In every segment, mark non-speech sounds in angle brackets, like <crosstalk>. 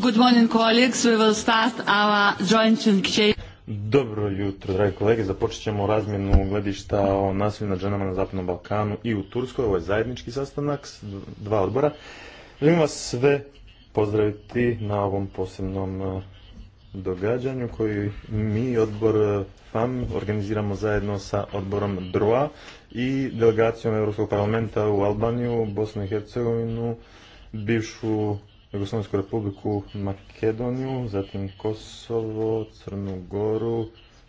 Good morning, Dobro jutro, dragi kolege. Započet ćemo razmjenu gledišta o nasilju nad ženama na Zapadnom Balkanu i u Turskoj. Ovo je zajednički sastanak dva odbora. Želim vas sve pozdraviti na ovom posebnom e, događanju koji mi, odbor e, FAM, organiziramo zajedno sa odborom DROA i delegacijom Europskog parlamenta u Albaniju, Bosnu i Hercegovinu, bivšu Jugoslavensku republiku Makedoniju, zatim Kosovo, Crnu Goru,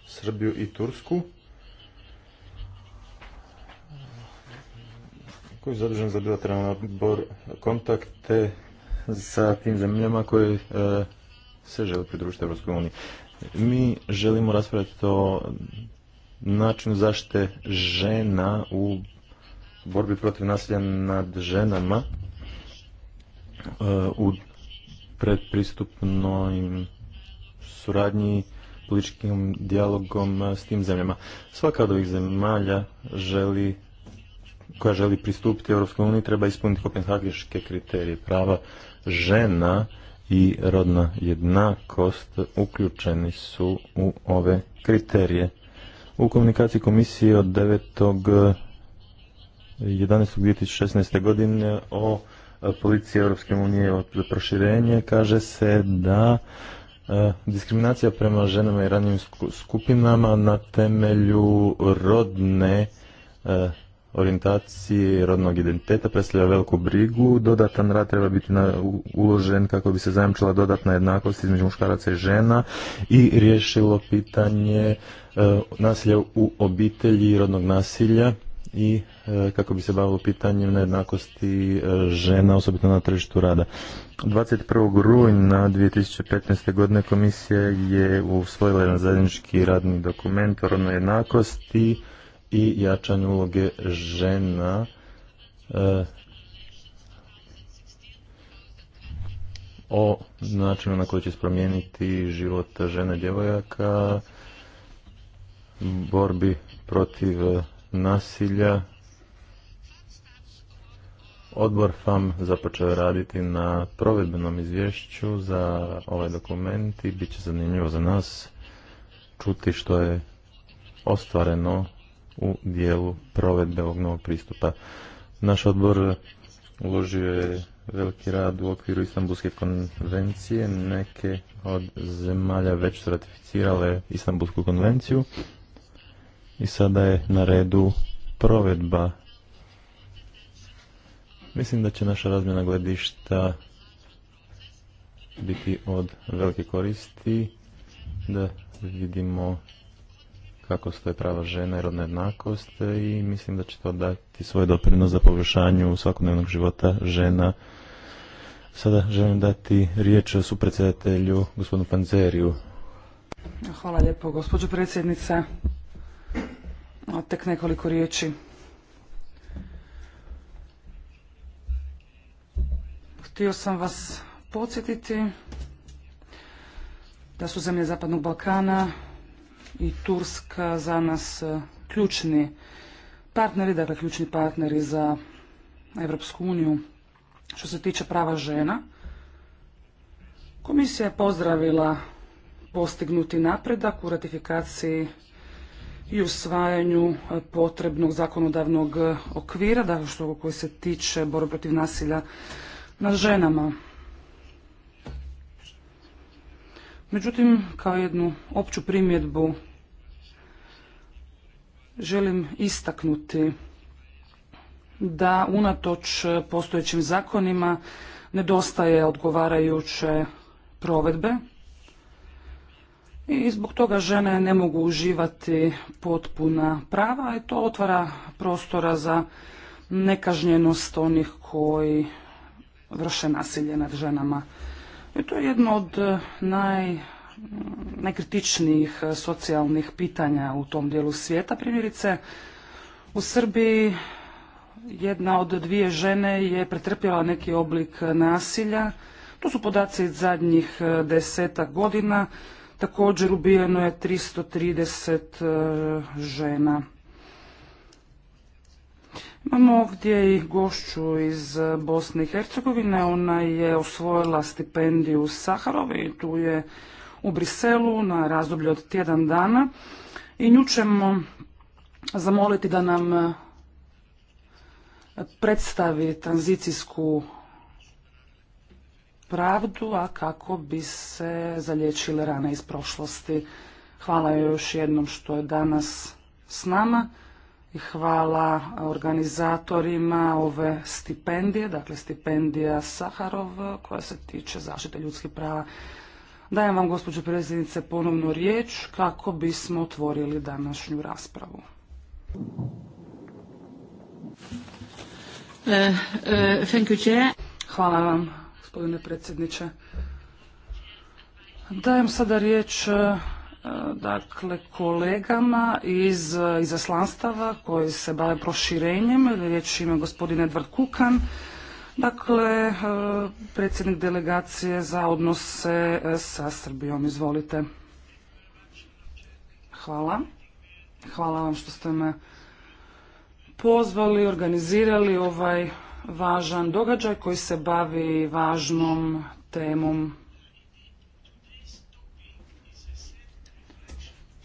Srbiju i Tursku. koji je zadužen za bilateralni odbor kontakte sa tim zemljama koje e, se žele pridružiti Europskoj uniji. Mi želimo raspravljati o načinu zaštite žena u borbi protiv nasilja nad ženama u predpristupnoj suradnji političkim dijalogom s tim zemljama. Svaka od ovih zemalja želi, koja želi pristupiti Europskoj uniji treba ispuniti Kopenhagiške kriterije prava žena i rodna jednakost uključeni su u ove kriterije. U komunikaciji komisije od 9. 11. 2016. godine o E, policije Europske unije za proširenje kaže se da e, diskriminacija prema ženama i ranjivim skupinama na temelju rodne e, orijentacije rodnog identiteta predstavlja veliku brigu. Dodatan rad treba biti uložen kako bi se zajamčila dodatna jednakost između muškaraca i žena i riješilo pitanje nasilja u obitelji i rodnog nasilja i e, kako bi se bavilo pitanjem nejednakosti e, žena, osobito na tržištu rada. 21. rujna 2015. godine komisija je usvojila jedan zajednički radni dokument o rodnoj jednakosti i jačanju uloge žena e, o načinu na koji će se promijeniti život žena djevojaka borbi protiv nasilja, Odbor FAM započeo raditi na provedbenom izvješću za ovaj dokument i bit će zanimljivo za nas čuti što je ostvareno u dijelu provedbe ovog novog pristupa. Naš odbor uložio je veliki rad u okviru Istanbulske konvencije. Neke od zemalja već su ratificirale Istanbulsku konvenciju i sada je na redu provedba. Mislim da će naša razmjena gledišta biti od velike koristi da vidimo kako stoje prava žena i rodna jednakost i mislim da će to dati svoj doprinos za poboljšanju svakodnevnog života žena. Sada želim dati riječ su predsjedatelju gospodinu Panzeriju. Hvala lijepo gospođo predsjednica tek nekoliko riječi. Htio sam vas podsjetiti da su zemlje Zapadnog Balkana i Turska za nas e, ključni partneri, dakle ključni partneri za Evropsku uniju što se tiče prava žena. Komisija je pozdravila postignuti napredak u ratifikaciji i usvajanju e, potrebnog zakonodavnog e, okvira, dakle što koji se tiče borbe protiv nasilja nad ženama. Međutim, kao jednu opću primjedbu želim istaknuti da unatoč postojećim zakonima nedostaje odgovarajuće provedbe i zbog toga žene ne mogu uživati potpuna prava i to otvara prostora za nekažnjenost onih koji vrše nasilje nad ženama. I to je jedno od eh, naj mm, najkritičnijih eh, socijalnih pitanja u tom dijelu svijeta. Primjerice, u Srbiji jedna od dvije žene je pretrpjela neki oblik nasilja. To su podaci zadnjih eh, desetak godina Također ubijeno je 330 e, žena. Imamo ovdje i gošću iz Bosne i Hercegovine. Ona je osvojila stipendiju Saharovi. Tu je u Briselu na razdoblju od tjedan dana. I nju ćemo zamoliti da nam predstavi tranzicijsku pravdu, a kako bi se zalječile rane iz prošlosti. Hvala joj još jednom što je danas s nama i hvala organizatorima ove stipendije, dakle stipendija Saharov koja se tiče zaštite ljudskih prava. Dajem vam, gospođo predsjednice, ponovno riječ kako bismo otvorili današnju raspravu. Eh, eh, hvala vam, gospodine predsjedniče. Dajem sada riječ e, e, dakle kolegama iz e, izaslanstava koji se bave proširenjem. Riječ ima gospodin Edvard Kukan, dakle predsjednik delegacije za odnose sa Srbijom. Izvolite. Hvala. Hvala vam što ste me pozvali, organizirali ovaj važan događaj koji se bavi važnom temom.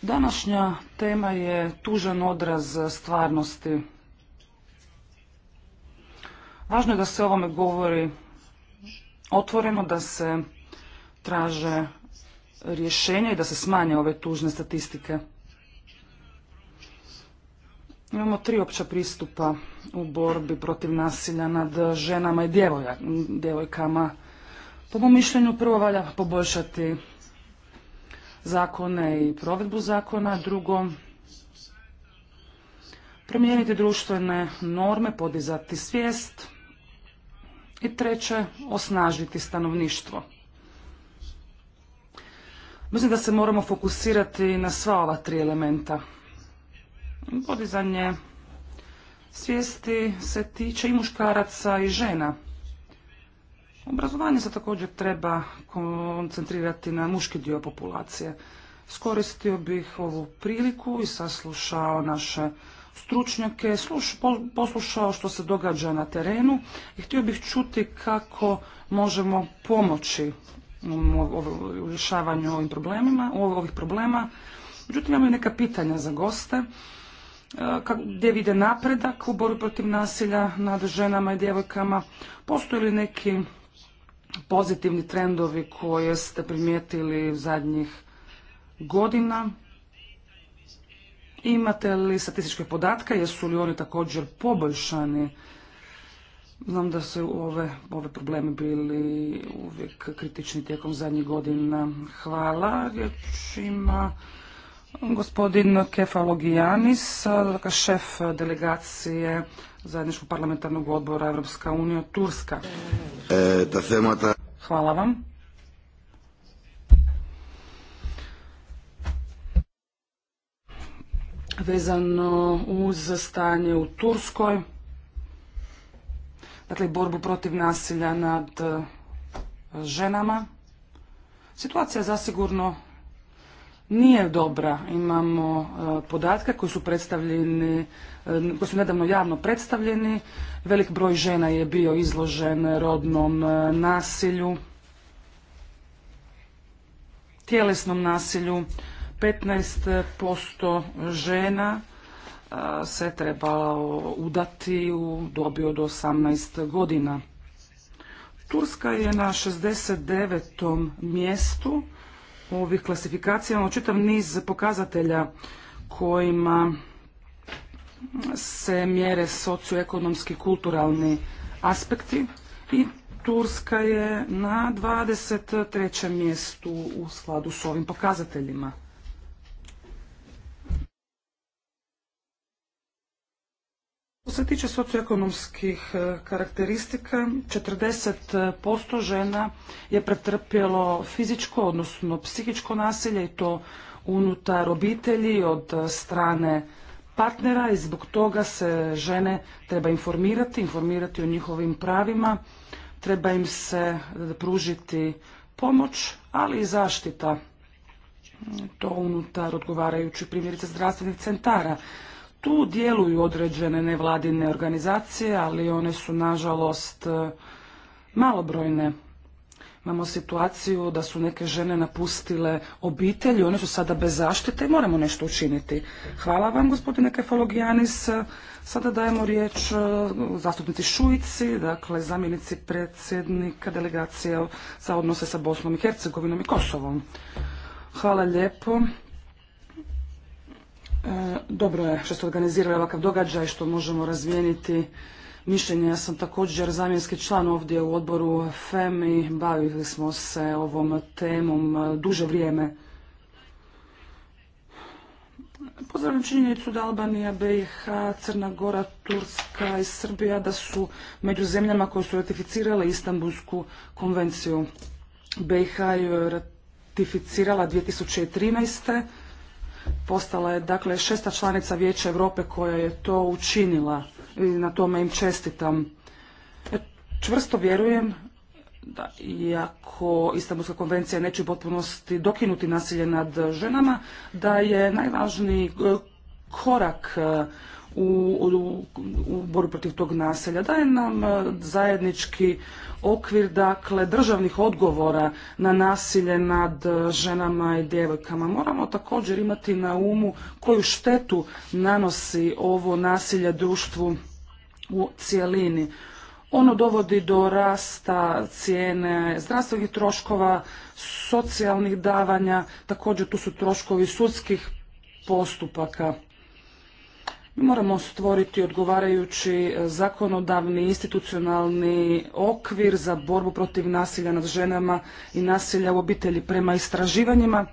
Današnja tema je tužan odraz stvarnosti. Važno je da se ovome govori otvoreno, da se traže rješenja i da se smanje ove tužne statistike. Imamo tri opća pristupa u borbi protiv nasilja nad ženama i djevojkama. Po mom mišljenju prvo valja poboljšati zakone i provedbu zakona, drugo promijeniti društvene norme, podizati svijest i treće osnažiti stanovništvo. Mislim da se moramo fokusirati na sva ova tri elementa podizanje svijesti se tiče i muškaraca i žena. Obrazovanje se također treba koncentrirati na muški dio populacije. Skoristio bih ovu priliku i saslušao naše stručnjake, poslušao što se događa na terenu i htio bih čuti kako možemo pomoći u rješavanju ovim problemima, ovih problema. Međutim, imamo i neka pitanja za goste gdje vide napredak u borbi protiv nasilja nad ženama i djevojkama? Postoje li neki pozitivni trendovi koje ste primijetili zadnjih godina? Imate li statističke podatke? Jesu li oni također poboljšani? Znam da su ove, ove probleme bili uvijek kritični tijekom zadnjih godina. Hvala. Riječ ima Gospodin Kefalogijanis, dakle, šef delegacije Zajedničkog parlamentarnog odbora Evropska unija Turska. E, Hvala vam. Vezano uz stanje u Turskoj, dakle borbu protiv nasilja nad ženama, situacija je zasigurno nije dobra. Imamo e, podatke koji su predstavljeni, e, koji su nedavno javno predstavljeni. Velik broj žena je bio izložen rodnom e, nasilju, tjelesnom nasilju. 15% žena se treba udati u dobi od 18 godina. Turska je na 69. mjestu ovih klasifikacija imamo čitav niz pokazatelja kojima se mjere socioekonomski kulturalni aspekti i Turska je na 23. mjestu u skladu s ovim pokazateljima. Što se tiče socioekonomskih e, karakteristika, 40% žena je pretrpjelo fizičko, odnosno psihičko nasilje i to unutar obitelji od e, strane partnera i zbog toga se žene treba informirati, informirati o njihovim pravima, treba im se e, pružiti pomoć, ali i zaštita to unutar odgovarajućih primjerice zdravstvenih centara. Tu djeluju određene nevladine organizacije, ali one su nažalost e, malobrojne. Imamo situaciju da su neke žene napustile obitelj, one su sada bez zaštite i moramo nešto učiniti. Hvala vam gospodine Kefalogijanis. Sada dajemo riječ e, zastupnici Šujici, dakle zamjenici predsjednika delegacije za odnose sa Bosnom i Hercegovinom i Kosovom. Hvala lijepo. E, dobro je što ste organizirali ovakav događaj, što možemo razmijeniti mišljenje. Ja sam također zamjenski član ovdje u odboru FEM i bavili smo se ovom temom duže vrijeme. Pozdravljam činjenicu da Albanija, BiH, Crna Gora, Turska i Srbija da su među zemljama koje su ratificirale Istanbulsku konvenciju. BiH je ratificirala 2013 postala je dakle šesta članica Vijeća Europe koja je to učinila i na tome im čestitam. E, čvrsto vjerujem da iako Istanbulska konvencija neće u potpunosti dokinuti nasilje nad ženama, da je najvažniji e, korak e, u, u, protiv tog naselja. Daje nam e, zajednički okvir dakle državnih odgovora na nasilje nad e, ženama i djevojkama. Moramo također imati na umu koju štetu nanosi ovo nasilje društvu u cjelini. Ono dovodi do rasta cijene zdravstvenih troškova, socijalnih davanja, također tu su troškovi sudskih postupaka. Mi moramo stvoriti odgovarajući e, zakonodavni institucionalni okvir za borbu protiv nasilja nad ženama i nasilja u obitelji prema istraživanjima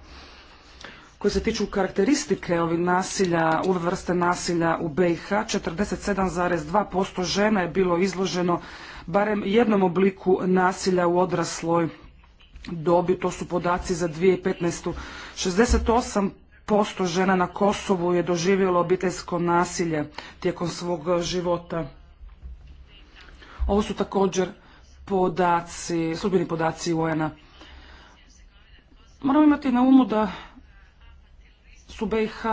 koji se tiču karakteristike ovih nasilja, ove vrste nasilja u BiH, 47,2% žena je bilo izloženo barem jednom obliku nasilja u odrasloj dobi, to su podaci za 2015. 68% posto žena na Kosovu je doživjelo obiteljsko nasilje tijekom svog života. Ovo su također podaci, podaci UN-a. Moramo imati na umu da su BiH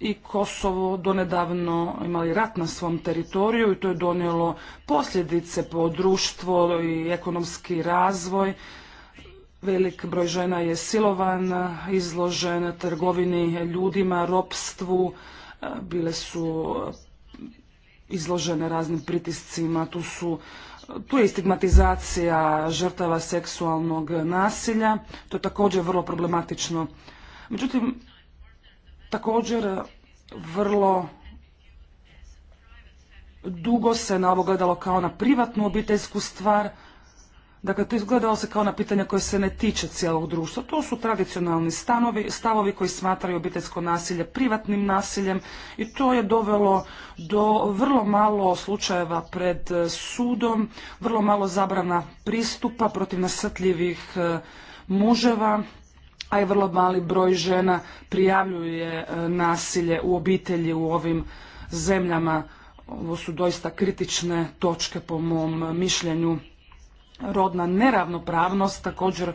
i Kosovo donedavno imali rat na svom teritoriju i to je donijelo posljedice po društvo i ekonomski razvoj, Velik broj žena je silovan, izložen trgovini ljudima, ropstvu, bile su izložene raznim pritiscima, tu su tu je stigmatizacija žrtava seksualnog nasilja, to je također vrlo problematično. Međutim, također vrlo dugo se na ovo gledalo kao na privatnu obiteljsku stvar, Dakle, to izgledalo se kao na pitanja koje se ne tiče cijelog društva. To su tradicionalni stanovi, stavovi koji smatraju obiteljsko nasilje privatnim nasiljem i to je dovelo do vrlo malo slučajeva pred eh, sudom, vrlo malo zabrana pristupa protiv nasrtljivih eh, muževa, a i vrlo mali broj žena prijavljuje eh, nasilje u obitelji u ovim zemljama. Ovo su doista kritične točke po mom mišljenju rodna neravnopravnost također e,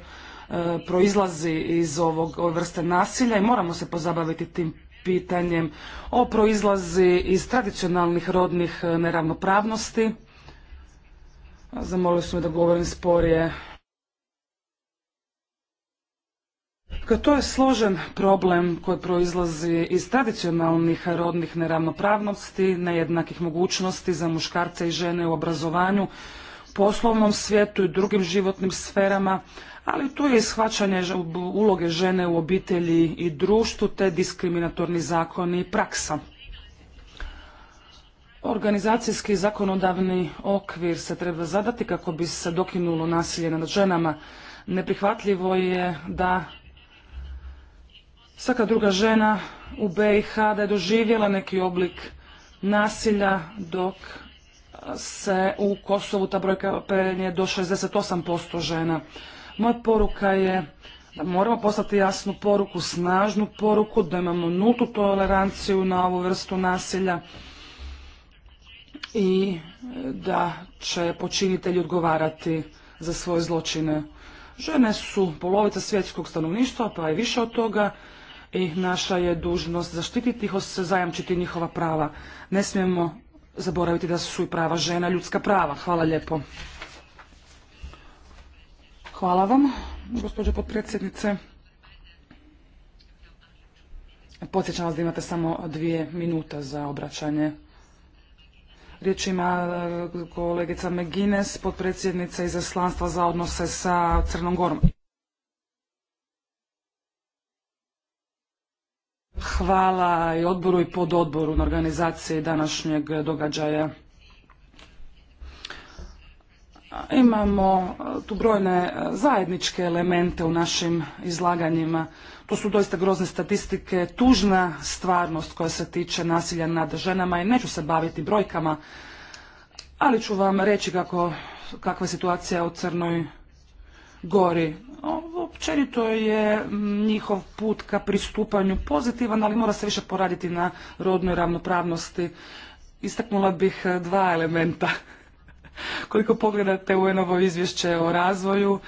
proizlazi iz ovog, vrste nasilja i moramo se pozabaviti tim pitanjem. O proizlazi iz tradicionalnih rodnih e, neravnopravnosti. Zamolili su da govorim sporije. Dakle, to je složen problem koji proizlazi iz tradicionalnih rodnih neravnopravnosti, nejednakih mogućnosti za muškarce i žene u obrazovanju, poslovnom svijetu i drugim životnim sferama, ali tu je i shvaćanje uloge žene u obitelji i društvu te diskriminatorni zakoni i praksa. Organizacijski zakonodavni okvir se treba zadati kako bi se dokinulo nasilje nad ženama. Neprihvatljivo je da svaka druga žena u BiH da je doživjela neki oblik nasilja dok se u Kosovu ta brojka penje do 68% žena. Moja poruka je da moramo poslati jasnu poruku, snažnu poruku, da imamo nultu toleranciju na ovu vrstu nasilja i da će počinitelji odgovarati za svoje zločine. Žene su polovica svjetskog stanovništva, pa i više od toga i naša je dužnost zaštititi ih, zajamčiti njihova prava. Ne smijemo zaboraviti da su i prava žena ljudska prava. Hvala lijepo. Hvala vam, gospođo potpredsjednice. Podsjećam vas da imate samo dvije minute za obraćanje. Riječ ima e, kolegica Megines, potpredsjednica izaslanstva za odnose sa Crnom Gorom. Hvala i odboru i pododboru na organizaciji današnjeg događaja. Imamo e, tu brojne e, zajedničke elemente u našim izlaganjima. To su doista grozne statistike, tužna stvarnost koja se tiče nasilja nad ženama i neću se baviti brojkama, ali ću vam reći kako, kakva je situacija u Crnoj gori. Općenito je njihov put ka pristupanju pozitivan, ali mora se više poraditi na rodnoj ravnopravnosti. Istaknula bih e, dva elementa. <laughs> Koliko pogledate u enovo izvješće o razvoju,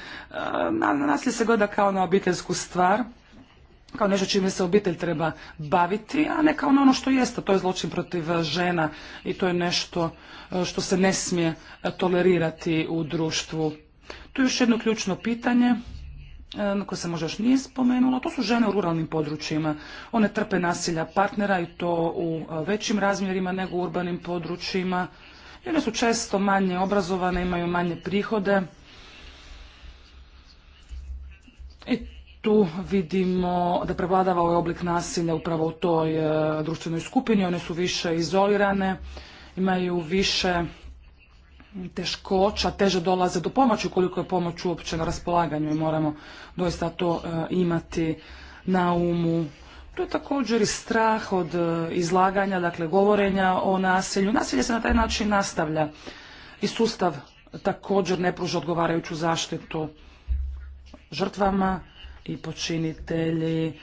e, nasilje se gleda kao na obiteljsku stvar, kao nešto čime se obitelj treba baviti, a ne kao na ono što jeste. To je zločin protiv e, žena i to je nešto što se ne smije tolerirati u društvu. Tu je još jedno ključno pitanje na koje se možda još nije spomenulo, to su žene u ruralnim područjima. One trpe nasilja partnera i to u većim razmjerima nego u urbanim područjima. one su često manje obrazovane, imaju manje prihode. I tu vidimo da prevladava ovaj oblik nasilja upravo u toj e, društvenoj skupini. One su više izolirane, imaju više teškoća, teže dolaze do pomoći koliko je pomoć uopće na raspolaganju i moramo doista to e, imati na umu. To je također i strah od e, izlaganja, dakle govorenja o nasilju. Nasilje se na taj način nastavlja i sustav također ne pruža odgovarajuću zaštitu žrtvama i počinitelji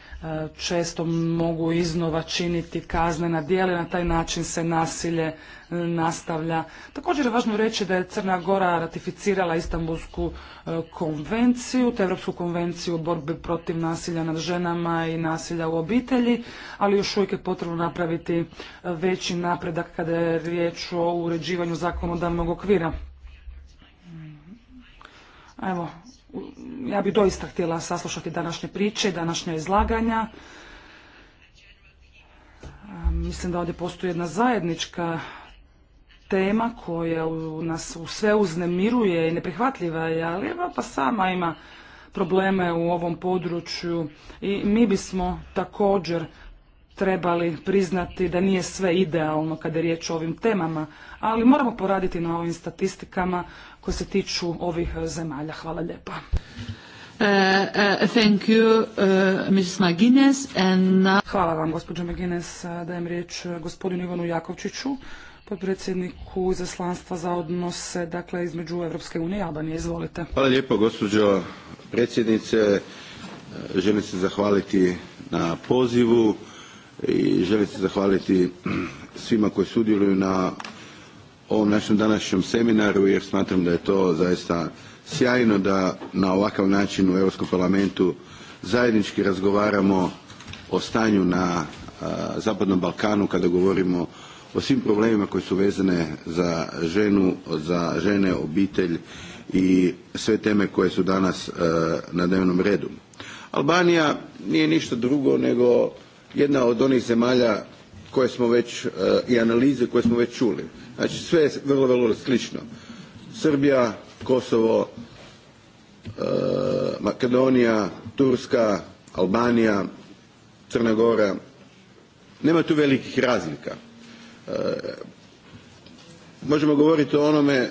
često mogu iznova činiti kaznena djela na taj način se nasilje e, nastavlja. Također je važno reći da je Crna Gora ratificirala Istanbulsku e, konvenciju, te Europsku konvenciju o borbi protiv nasilja nad ženama i nasilja u obitelji, ali još uvijek je potrebno napraviti e, veći napredak kada je riječ o uređivanju zakonodavnog okvira. Evo, ja bih doista htjela saslušati današnje priče i današnja izlaganja. Mislim da ovdje postoji jedna zajednička tema koja nas u sve uznemiruje i neprihvatljiva je, ali pa sama ima probleme u ovom području i mi bismo također trebali priznati da nije sve idealno kada je riječ o ovim temama, ali moramo poraditi na ovim statistikama koji se tiču ovih e, zemalja. Hvala lijepa. Uh, uh, uh, Hvala vam, gospođo Magines. E, dajem riječ e, gospodinu Ivanu Jakovčiću, podpredsjedniku izaslanstva za odnose dakle, između Evropske unije i Albanije. Izvolite. Hvala lijepo, gospođo predsjednice. Želim se zahvaliti na pozivu i želim se zahvaliti svima koji sudjeluju na ovom našem današnjem seminaru jer smatram da je to zaista sjajno da na ovakav način u Europskom parlamentu zajednički razgovaramo o stanju na Zapadnom Balkanu kada govorimo o svim problemima koji su vezane za ženu, za žene, obitelj i sve teme koje su danas na dnevnom redu. Albanija nije ništa drugo nego jedna od onih zemalja koje smo već e, i analize koje smo već čuli. Znači sve je vrlo, vrlo slično. Srbija, Kosovo, e, Makedonija, Turska, Albanija, Crna Gora. Nema tu velikih razlika. E, možemo govoriti o onome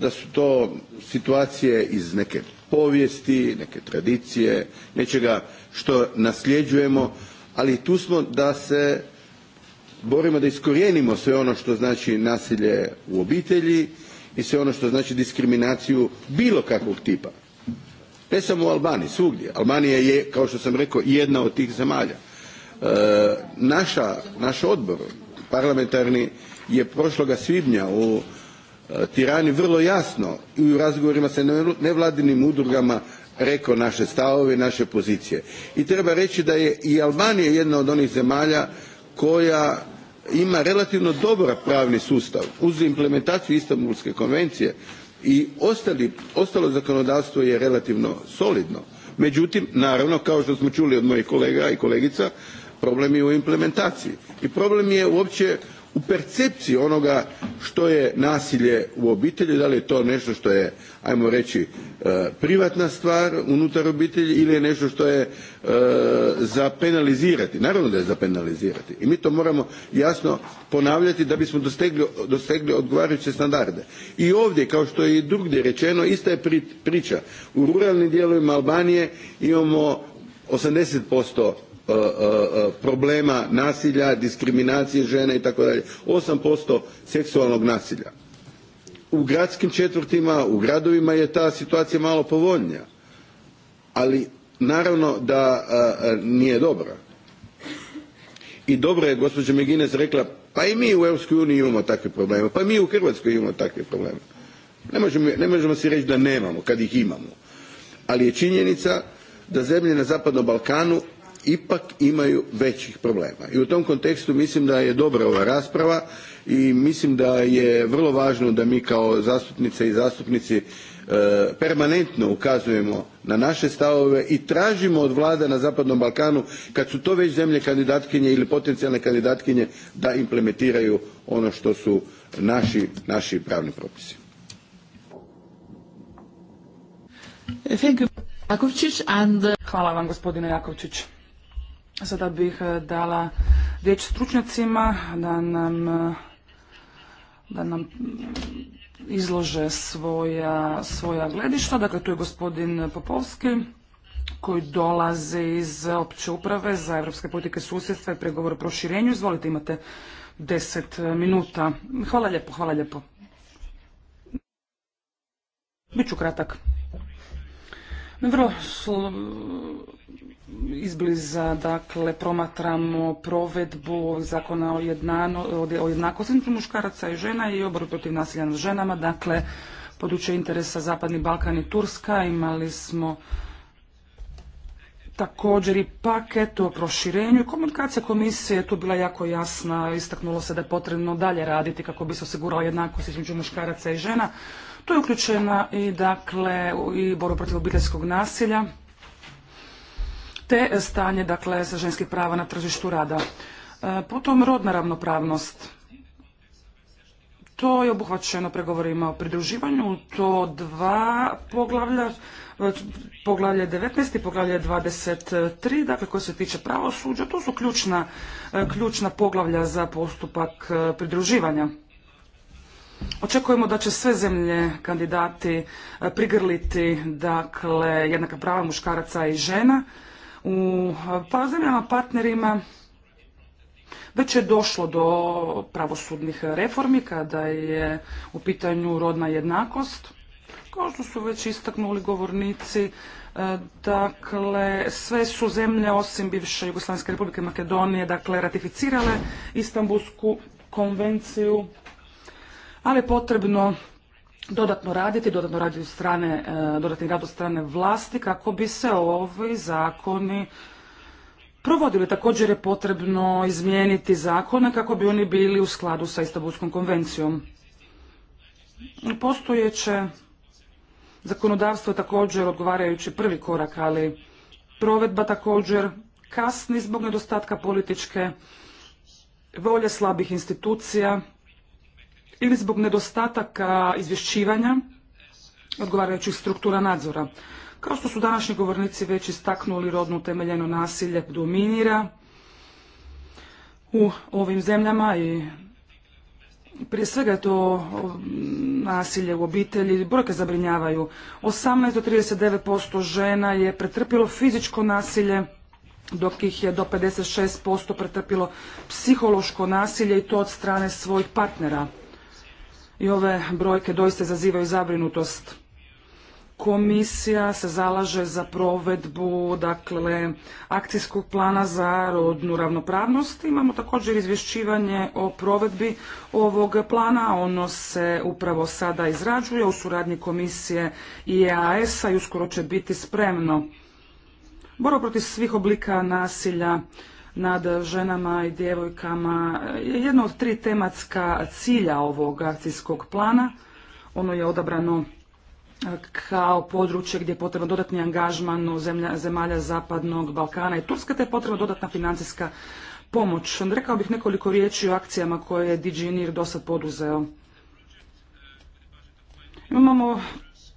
da su to situacije iz neke povijesti, neke tradicije, nečega što nasljeđujemo, ali tu smo da se borimo da iskorijenimo sve ono što znači nasilje u obitelji i sve ono što znači diskriminaciju bilo kakvog tipa. Ne samo u Albaniji, svugdje. Albanija je, kao što sam rekao, jedna od tih zemalja. E, naš odbor parlamentarni je prošloga svibnja u e, Tirani vrlo jasno i u razgovorima sa nevladinim udrugama rekao naše stavove i naše pozicije. I treba reći da je i Albanija jedna od onih zemalja koja ima relativno dobar pravni sustav uz implementaciju Istanbulske konvencije i ostalo zakonodavstvo je relativno solidno. Međutim, naravno kao što smo čuli od mojih kolega i kolegica problem je u implementaciji i problem je uopće u percepciji onoga što je nasilje u obitelji da li je to nešto što je ajmo reći e, privatna stvar unutar obitelji ili je nešto što je e, za penalizirati naravno da je za penalizirati i mi to moramo jasno ponavljati da bismo dostegli, odgovarajuće standarde i ovdje kao što je i drugdje rečeno ista je priča u ruralnim dijelovima albanije imamo eighty E, e, e, problema nasilja diskriminacije žena i tako dalje osam posto seksualnog nasilja u gradskim četvrtima u gradovima je ta situacija malo povoljnija ali naravno da nije dobra i dobro je gospođa mcguinness rekla pa i mi u europskoj uniji imamo takve probleme pa i mi u hrvatskoj imamo takve probleme ne možemo, ne možemo si reći da nemamo kad ih imamo ali je činjenica da zemlje na zapadnom balkanu ipak imaju većih problema. I u tom kontekstu mislim da je dobra ova rasprava i mislim da je vrlo važno da mi kao zastupnice i zastupnici e, permanentno ukazujemo na naše stavove i tražimo od vlada na zapadnom balkanu kad su to već zemlje kandidatkinje ili potencijalne kandidatkinje da implementiraju ono što su naši, pravni propisi. Hvala vam gospodine Jakovčić. Sada bih eh, dala riječ stručnjacima da nam, eh, da nam izlože svoja, svoja gledišta. Dakle, tu je gospodin Popovski koji dolazi iz opće uprave za evropske politike susjedstva i pregovor o proširenju. Izvolite, imate deset minuta. Hvala lijepo, hvala lijepo. Biću kratak. Vrlo izbliza dakle promatramo provedbu zakona o, jednakosti između muškaraca i žena i borbi protiv nasilja nad ženama, dakle područje interesa Zapadni Balkan i Turska. Imali smo također i paket o proširenju komunikacija komisije je tu bila jako jasna. Istaknulo se da je potrebno dalje raditi kako bi se osigurala jednakost između muškaraca i žena. Tu je uključena i dakle i borba protiv obiteljskog nasilja te stanje dakle sa ženskih prava na tržištu rada. E, potom rodna ravnopravnost. To je obuhvaćeno pregovorima o pridruživanju, to dva poglavlja, e, poglavlje 19 i poglavlje 23, dakle koje se tiče pravosuđa, to su ključna, e, ključna poglavlja za postupak pridruživanja. Očekujemo da će sve zemlje kandidati prigrliti dakle jednaka prava muškaraca i žena u zemljama partnerima već je došlo do pravosudnih reformi kada je u pitanju rodna jednakost. Kao što su već istaknuli govornici, e, dakle, sve su zemlje osim bivše Jugoslavijske republike Makedonije, dakle, ratificirale Istanbulsku konvenciju, ali je potrebno dodatno raditi, dodatno raditi od strane, e, dodatni rad od strane vlasti kako bi se ovi zakoni provodili. Također je potrebno izmijeniti zakone kako bi oni bili u skladu sa Istanbulskom konvencijom. Postojeće zakonodavstvo je također odgovarajući prvi korak, ali provedba također kasni zbog nedostatka političke volje slabih institucija ili zbog nedostataka izvješćivanja odgovarajućih struktura nadzora. Kao što su današnji govornici već istaknuli, rodno utemeljeno nasilje dominira u ovim zemljama i prije svega je to nasilje u obitelji, brojke zabrinjavaju. 18 do 39% žena je pretrpilo fizičko nasilje, dok ih je do 56% pretrpilo psihološko nasilje i to od strane svojih partnera i ove brojke doista izazivaju zabrinutost. Komisija se zalaže za provedbu dakle, akcijskog plana za rodnu ravnopravnost. Imamo također izvješćivanje o provedbi ovog plana. Ono se upravo sada izrađuje u suradnji komisije i EAS-a i uskoro će biti spremno. Borba protiv svih oblika nasilja nad ženama i djevojkama je jedno od tri tematska cilja ovog akcijskog plana. Ono je odabrano e, kao područje gdje je potrebno dodatni angažman u zemlja, zemalja Zapadnog Balkana i Turska, te je potrebna dodatna financijska pomoć. Rekao bih nekoliko riječi o akcijama koje je DG do sad poduzeo. Imamo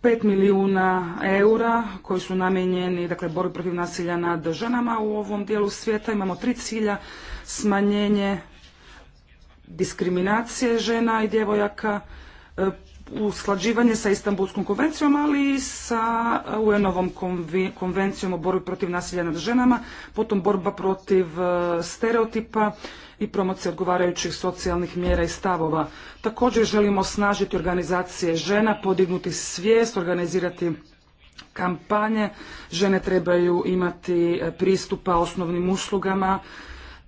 5 milijuna eura koji su namijenjeni dakle, borbi protiv nasilja nad ženama u ovom dijelu svijeta. Imamo tri cilja, smanjenje diskriminacije žena i djevojaka, e, usklađivanje sa Istanbulskom konvencijom, ali i sa UN-ovom konvencijom o borbi protiv nasilja nad ženama, potom borba protiv e, stereotipa i promocije odgovarajućih socijalnih mjera i stavova. Također želimo snažiti organizacije žena, podignuti svijest, organizirati kampanje. Žene trebaju imati e, pristupa osnovnim uslugama.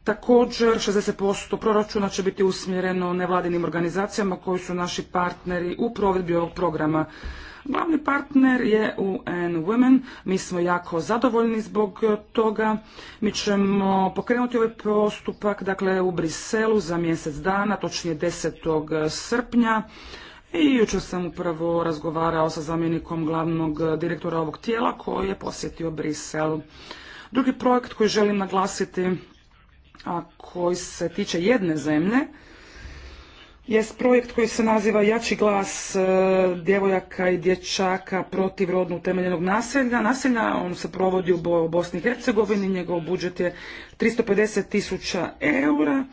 Također 60% proračuna će biti usmjereno nevladinim organizacijama koji su naši partneri u provedbi ovog programa. Glavni partner je UN Women. Mi smo jako zadovoljni zbog toga. Mi ćemo pokrenuti ovaj postupak dakle, u Briselu za mjesec dana, točnije 10. srpnja. I jučer sam upravo razgovarao sa zamjenikom glavnog direktora ovog tijela koji je posjetio Brisel. Drugi projekt koji želim naglasiti, a koji se tiče jedne zemlje, jest projekt koji se naziva Jači glas e, djevojaka i dječaka protiv rodno utemeljenog nasilja. Nasilja on se provodi u Bosni i Hercegovini, njegov budžet je 350 tisuća eura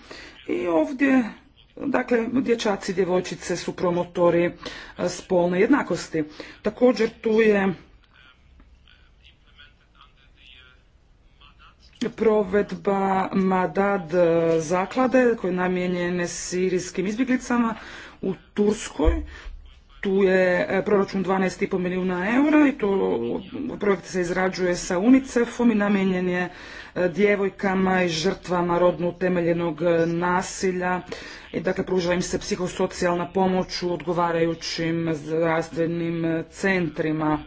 i ovdje Dakle, dječaci i djevojčice su promotori e, spolne jednakosti. Također tu je provedba Madad e, zaklade koje je namijenjene sirijskim izbjeglicama u Turskoj. Tu je e, proračun 12,5 milijuna eura i to projekt se izrađuje sa UNICEF-om i namijenjen je e, djevojkama i žrtvama rodno utemeljenog nasilja i dakle pruža im se psihosocijalna pomoć u odgovarajućim zdravstvenim centrima.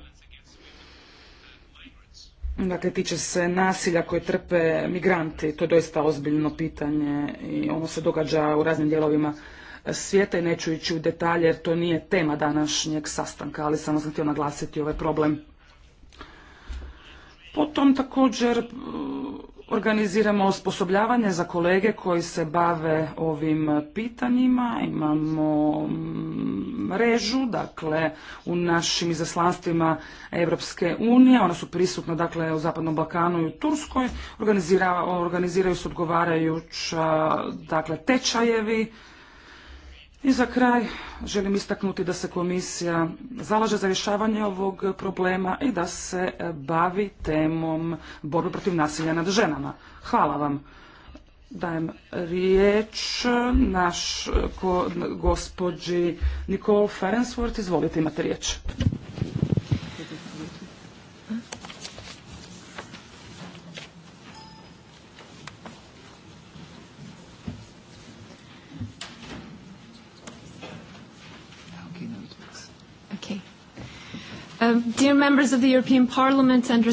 Dakle, tiče se nasilja koje trpe migranti. To je doista ozbiljno pitanje i ono se događa u raznim dijelovima svijeta i neću ići u detalje jer to nije tema današnjeg sastanka, ali samo sam htio naglasiti ovaj problem. Potom također organiziramo osposobljavanje za kolege koji se bave ovim pitanjima. Imamo mm, mrežu, dakle, u našim izaslanstvima Evropske unije. Ona su prisutna, dakle, u Zapadnom Balkanu i u Turskoj. organiziraju se odgovarajuća, dakle, tečajevi i za kraj želim istaknuti da se komisija zalaže za rješavanje ovog problema i da se bavi temom borbe protiv nasilja nad ženama. Hvala vam. Dajem riječ naš gospođi Nicole Ferensworth. Izvolite, imate riječ. Um, European Parliament and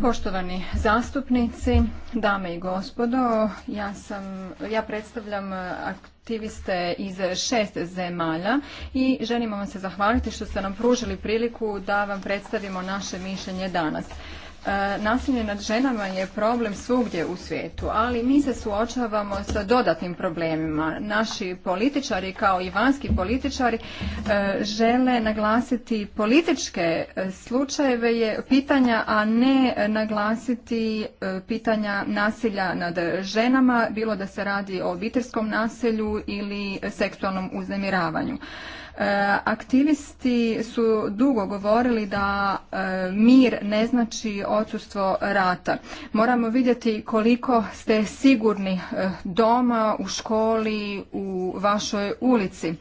Poštovani zastupnici, dame i gospodo, sam, ja predstavljam uh, aktiviste iz šest zemalja i želimo vam se zahvaliti što ste nam pružili priliku da vam predstavimo naše mišljenje danas. E, nasilje nad ženama je problem svugdje u svijetu, ali mi se suočavamo sa dodatnim problemima. Naši političari kao i vanjski političari e, žele naglasiti političke e, slučajeve pitanja, a ne naglasiti pitanja nasilja nad ženama, bilo da se radi o obiteljskom nasilju ili seksualnom uznemiravanju. E, aktivisti su dugo govorili da e, mir ne znači odsustvo rata. Moramo vidjeti koliko ste sigurni e, doma, u školi, u vašoj ulici.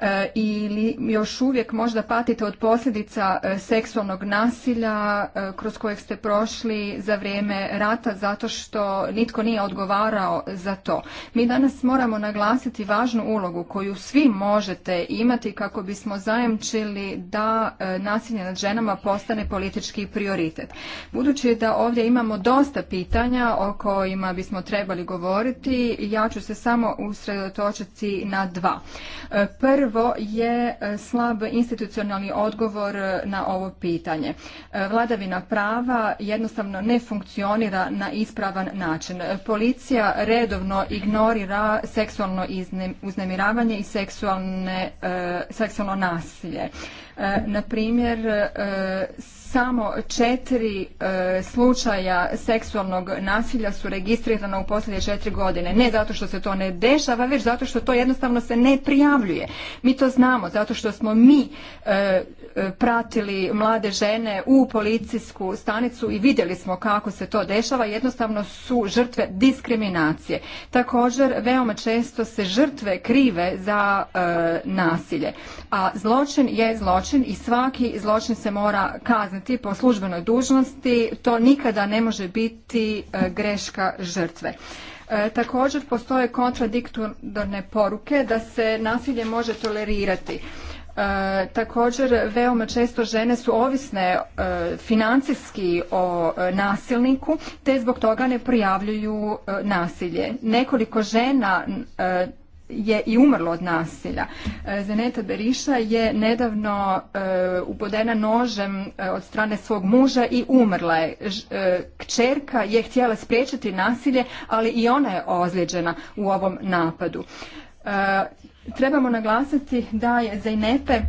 E, ili još uvijek možda patite od posljedica e, seksualnog nasilja e, kroz kojeg ste prošli za vrijeme rata zato što nitko nije odgovarao za to. Mi danas moramo naglasiti važnu ulogu koju svi možete imati kako bismo zajamčili da nasilje nad ženama postane politički prioritet. Budući da ovdje imamo dosta pitanja o kojima bismo trebali govoriti, ja ću se samo usredotočiti na dva. Prvo Prvo je e, slab institucionalni odgovor e, na ovo pitanje. E, vladavina prava jednostavno ne funkcionira na ispravan način. Policija redovno ignorira seksualno uznemiravanje i seksualne, seksualno nasilje. Na primjer, samo četiri e, slučaja seksualnog nasilja su registrirana u posljednje četiri godine. Ne zato što se to ne dešava, već zato što to jednostavno se ne prijavljuje. Mi to znamo, zato što smo mi e, E, pratili mlade žene u policijsku stanicu i vidjeli smo kako se to dešava. Jednostavno su žrtve diskriminacije. Također, veoma često se žrtve krive za e, nasilje. A zločin je zločin i svaki zločin se mora kazniti po službenoj dužnosti. To nikada ne može biti e, greška žrtve. također postoje kontradiktorne poruke da se nasilje može tolerirati. E, također, veoma često žene su ovisne e, financijski o e, nasilniku, te zbog toga ne prijavljuju nasilje. Nekoliko žena je i umrlo od nasilja. Zeneta Beriša je nedavno upodena nožem od strane svog muža i umrla je. Kćerka je htjela spriječiti nasilje, ali i ona je ozlijeđena u ovom napadu trebamo naglasiti da je Zajnepe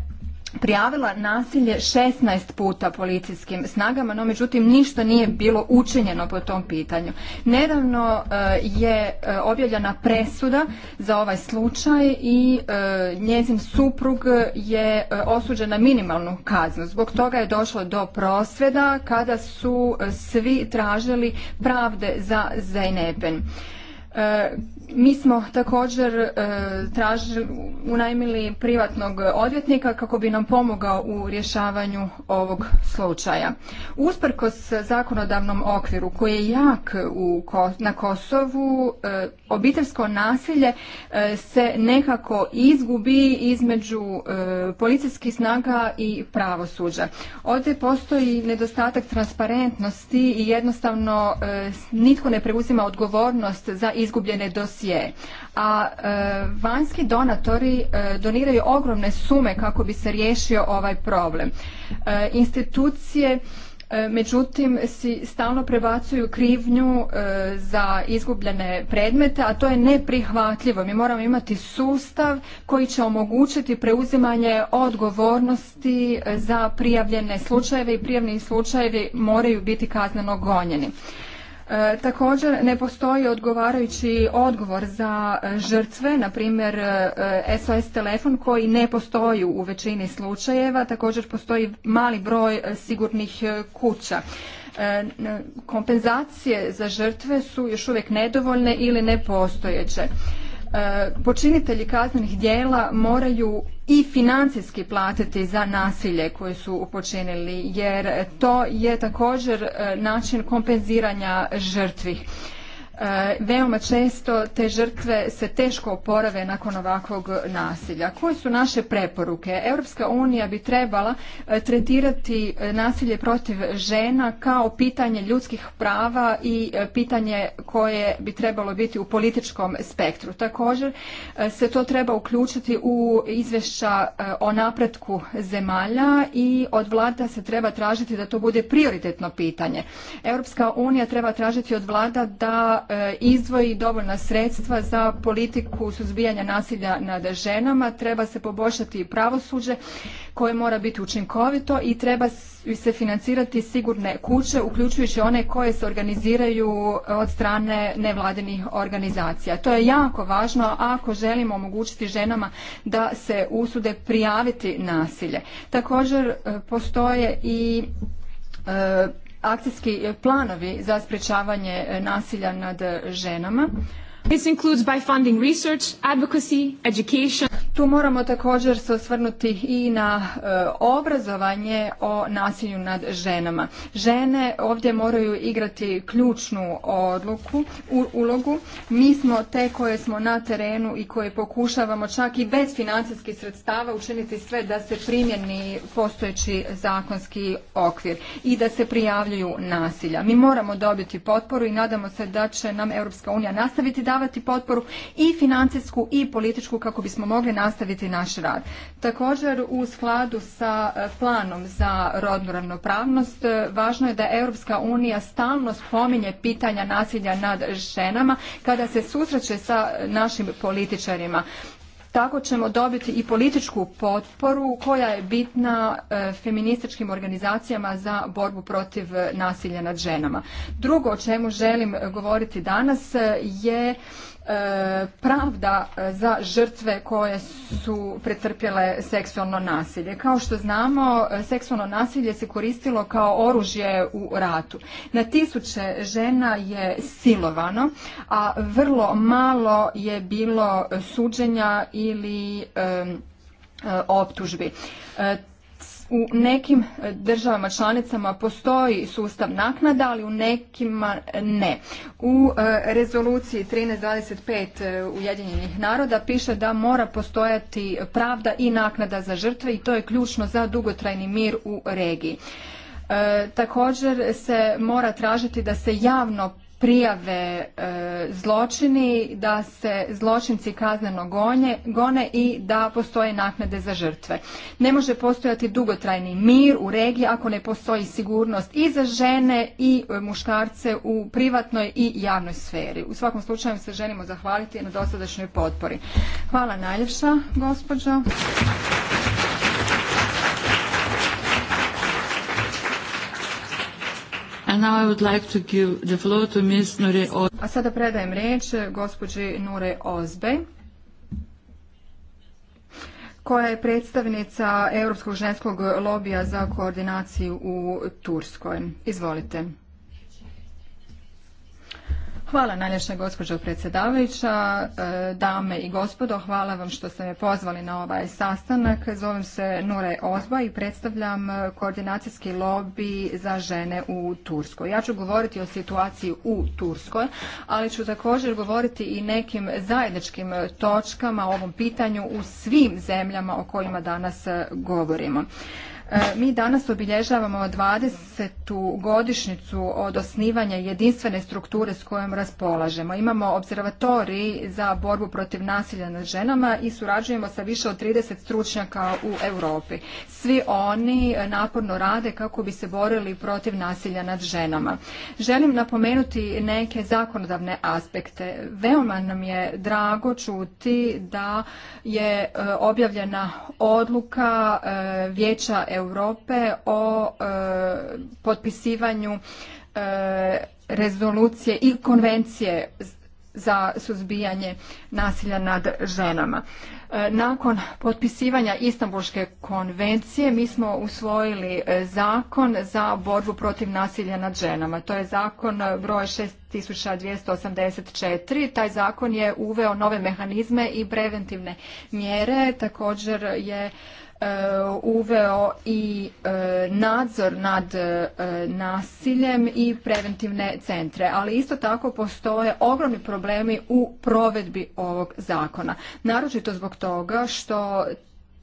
prijavila nasilje 16 puta policijskim snagama, no međutim ništa nije bilo učinjeno po tom pitanju. Nedavno e, je e, objavljena presuda za ovaj slučaj i e, njezin suprug je osuđen na minimalnu kaznu. Zbog toga je došlo do prosvjeda kada su svi tražili pravde za Zajnepen mi smo također e, tražili, unajmili privatnog odvjetnika kako bi nam pomogao u rješavanju ovog slučaja. Usprkos zakonodavnom okviru koji je jak na Kosovu, e, obiteljsko nasilje e, se nekako izgubi između policijskih snaga i pravosuđa. Ovdje postoji nedostatak transparentnosti i jednostavno nitko ne preuzima odgovornost za izgubljene dosije je A e, vanjski donatori e, doniraju ogromne sume kako bi se riješio ovaj problem. E, institucije međutim si stalno prebacuju krivnju za izgubljene predmete, a to je neprihvatljivo. Mi moramo imati sustav koji će omogućiti preuzimanje odgovornosti za prijavljene slučajeve i prijavljeni slučajevi moraju biti kazneno gonjeni. E, također ne postoji odgovarajući odgovor za e, žrtve, na primjer SOS e, telefon koji ne postoji u većini slučajeva, također postoji mali broj sigurnih kuća. Kompenzacije za žrtve su još uvijek nedovoljne ili nepostojeće. E, počinitelji kaznenih dijela moraju i financijski platiti za nasilje koje su počinili jer to je također e, način kompenziranja žrtvi E, veoma često te žrtve se teško oporave nakon ovakvog nasilja. Koje su naše preporuke? Europska unija bi trebala e, tretirati e, nasilje protiv žena kao pitanje ljudskih prava i pitanje koje bi trebalo biti u političkom spektru. Također se to treba uključiti u izvješća o napretku zemalja i od vlada se treba tražiti da to bude prioritetno pitanje. Europska unija treba tražiti od vlada da E, izdvoji dovoljna sredstva za politiku suzbijanja nasilja nad ženama, treba se poboljšati pravosuđe koje mora biti učinkovito i treba se financirati sigurne kuće, uključujući one koje se organiziraju od strane nevladinih organizacija. To je jako važno ako želimo omogućiti ženama da se usude prijaviti nasilje. Također e, postoje i e, akcijski planovi za sprječavanje nasilja nad ženama. This includes by funding research, advocacy, education. Tu moramo također se osvrnuti i na e, obrazovanje o nasilju nad ženama. Žene ovdje moraju igrati ključnu odluku, ulogu. Mi smo te koje smo na terenu i koje pokušavamo čak i bez financijskih sredstava učiniti sve da se primjeni postojeći zakonski okvir i da se prijavljuju nasilja. Mi moramo dobiti potporu i nadamo se da će nam Europska unija nastaviti davati potporu i financijsku i političku kako bismo mogli nastaviti nastaviti naš rad. Također u skladu sa e, planom za rodnu ravnopravnost e, važno je da Europska unija stalno spominje pitanja nasilja nad ženama kada se susreće sa našim političarima. Tako ćemo dobiti i političku potporu koja je bitna e, feminističkim organizacijama za borbu protiv nasilja nad ženama. Drugo o čemu želim govoriti danas je E, pravda e, za žrtve koje su pretrpjele seksualno nasilje. Kao što znamo, e, seksualno nasilje se koristilo kao oružje u ratu. Na tisuće žena je silovano, a vrlo malo je bilo suđenja ili optužbi. U nekim e, državama članicama postoji sustav naknada, ali u nekima ne. U e, rezoluciji 1325 e, Ujedinjenih naroda piše da mora postojati pravda i naknada za žrtve i to je ključno za dugotrajni mir u regiji. također se mora tražiti da se javno prijave e, zločini, da se zločinci kazneno gone i da postoje naknade za žrtve. Ne može postojati dugotrajni mir u regiji ako ne postoji sigurnost i za žene i e, muškarce u privatnoj i javnoj sferi. U svakom slučaju se želimo zahvaliti na dosadašnjoj potpori. Hvala najljepša, gospođo. A sada predajem riječ eh, gospođi Nure Ozbe koja je predstavnica Europskog ženskog lobija za koordinaciju u Turskoj. Izvolite. Hvala najljepša gospođo predsjedavajuća, e, dame i gospodo, hvala vam što ste me pozvali na ovaj sastanak. Zovem se Nure Ozba i predstavljam e, koordinacijski lobby za žene u Turskoj. Ja ću govoriti o situaciji u Turskoj, ali ću također govoriti i nekim zajedničkim točkama o ovom pitanju u svim zemljama o kojima danas e, govorimo. E, mi danas obilježavamo 20. godišnicu od osnivanja jedinstvene strukture s kojom raspolažemo. Imamo observatori za borbu protiv nasilja nad ženama i surađujemo sa više od 30 stručnjaka u Europi. Svi oni naporno rade kako bi se borili protiv nasilja nad ženama. Želim napomenuti neke zakonodavne aspekte. Veoma nam je drago čuti da je e, objavljena odluka e, Vijeća Europe o e, potpisivanju e, rezolucije i konvencije za suzbijanje nasilja nad ženama. E, nakon potpisivanja Istanbulske konvencije mi smo usvojili zakon za borbu protiv nasilja nad ženama. To je zakon broj 6284. Taj zakon je uveo nove mehanizme i preventivne mjere. Također je E, uveo i e, nadzor nad e, nasiljem i preventivne centre, ali isto tako postoje ogromni problemi u provedbi ovog zakona. Naročito zbog toga što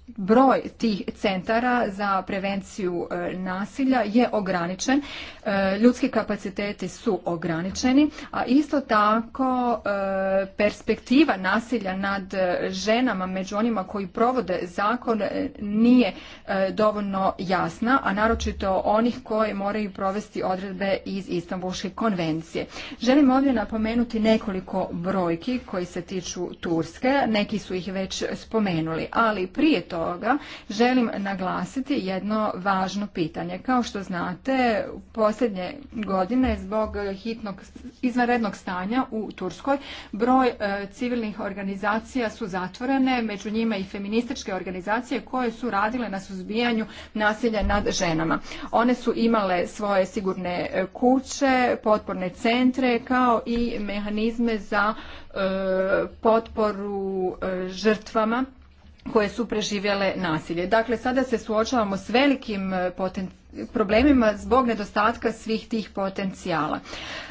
broj tih centara za prevenciju e, nasilja je ograničen, e, ljudski kapaciteti su ograničeni, a isto tako e, perspektiva nasilja nad ženama među onima koji provode zakon nije dovoljno jasna, a naročito onih koji moraju provesti odredbe iz Istanbulske konvencije. Želim ovdje napomenuti nekoliko brojki koji se tiču Turske, neki su ih već spomenuli, ali prije to toga želim naglasiti jedno važno pitanje. Kao što znate, posljednje godine zbog hitnog izvanrednog stanja u Turskoj broj e, civilnih organizacija su zatvorene, među njima i feminističke organizacije koje su radile na suzbijanju nasilja nad ženama. One su imale svoje sigurne e, kuće, potporne centre kao i mehanizme za e, potporu žrtvama koje su preživjele nasilje. Dakle, sada se suočavamo s velikim e, problemima zbog nedostatka svih tih potencijala.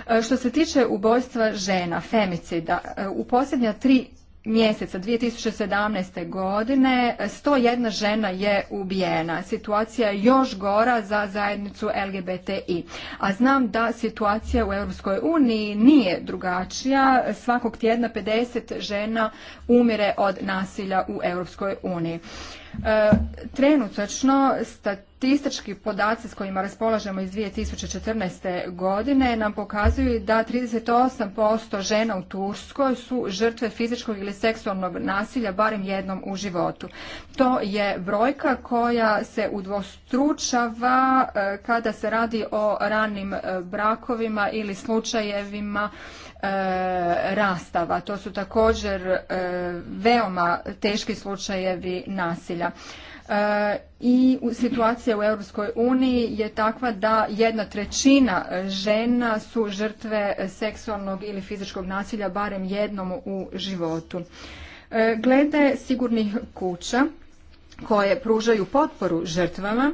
E, što se tiče ubojstva žena, femicida, e, u posljednja tri mjeseca 2017. godine 101 žena je ubijena. Situacija je još gora za zajednicu LGBTI. A znam da situacija u Europskoj uniji nije drugačija. Svakog tjedna 50 žena umire od nasilja u Europskoj uniji. E, trenutačno statistika Statistički podaci s kojima raspolažemo iz 2014. godine nam pokazuju da 38% žena u Turskoj su žrtve fizičkog ili seksualnog nasilja barem jednom u životu. To je brojka koja se udvostručava e, kada se radi o ranim e, brakovima ili slučajevima e, rastava. To su također veoma teški slučajevi nasilja. E, i situacija u Europskoj uniji je takva da jedna trećina žena su žrtve seksualnog ili fizičkog nasilja barem jednom u životu. E, glede sigurnih kuća koje pružaju potporu žrtvama,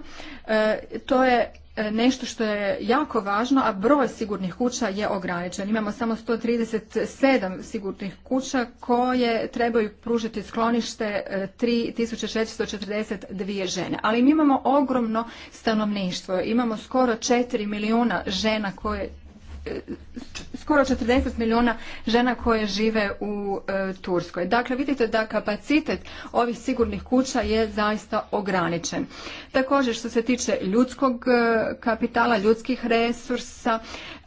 e, to je nešto što je jako važno, a broj sigurnih kuća je ograničen. Imamo samo 137 sigurnih kuća koje trebaju pružiti sklonište 3642 e, žene. Ali mi imamo ogromno stanovništvo. Imamo skoro 4 milijuna žena koje skoro 40 milijuna žena koje žive u e, Turskoj. Dakle, vidite da kapacitet ovih sigurnih kuća je zaista ograničen. Također, što se tiče ljudskog e, kapitala, ljudskih resursa,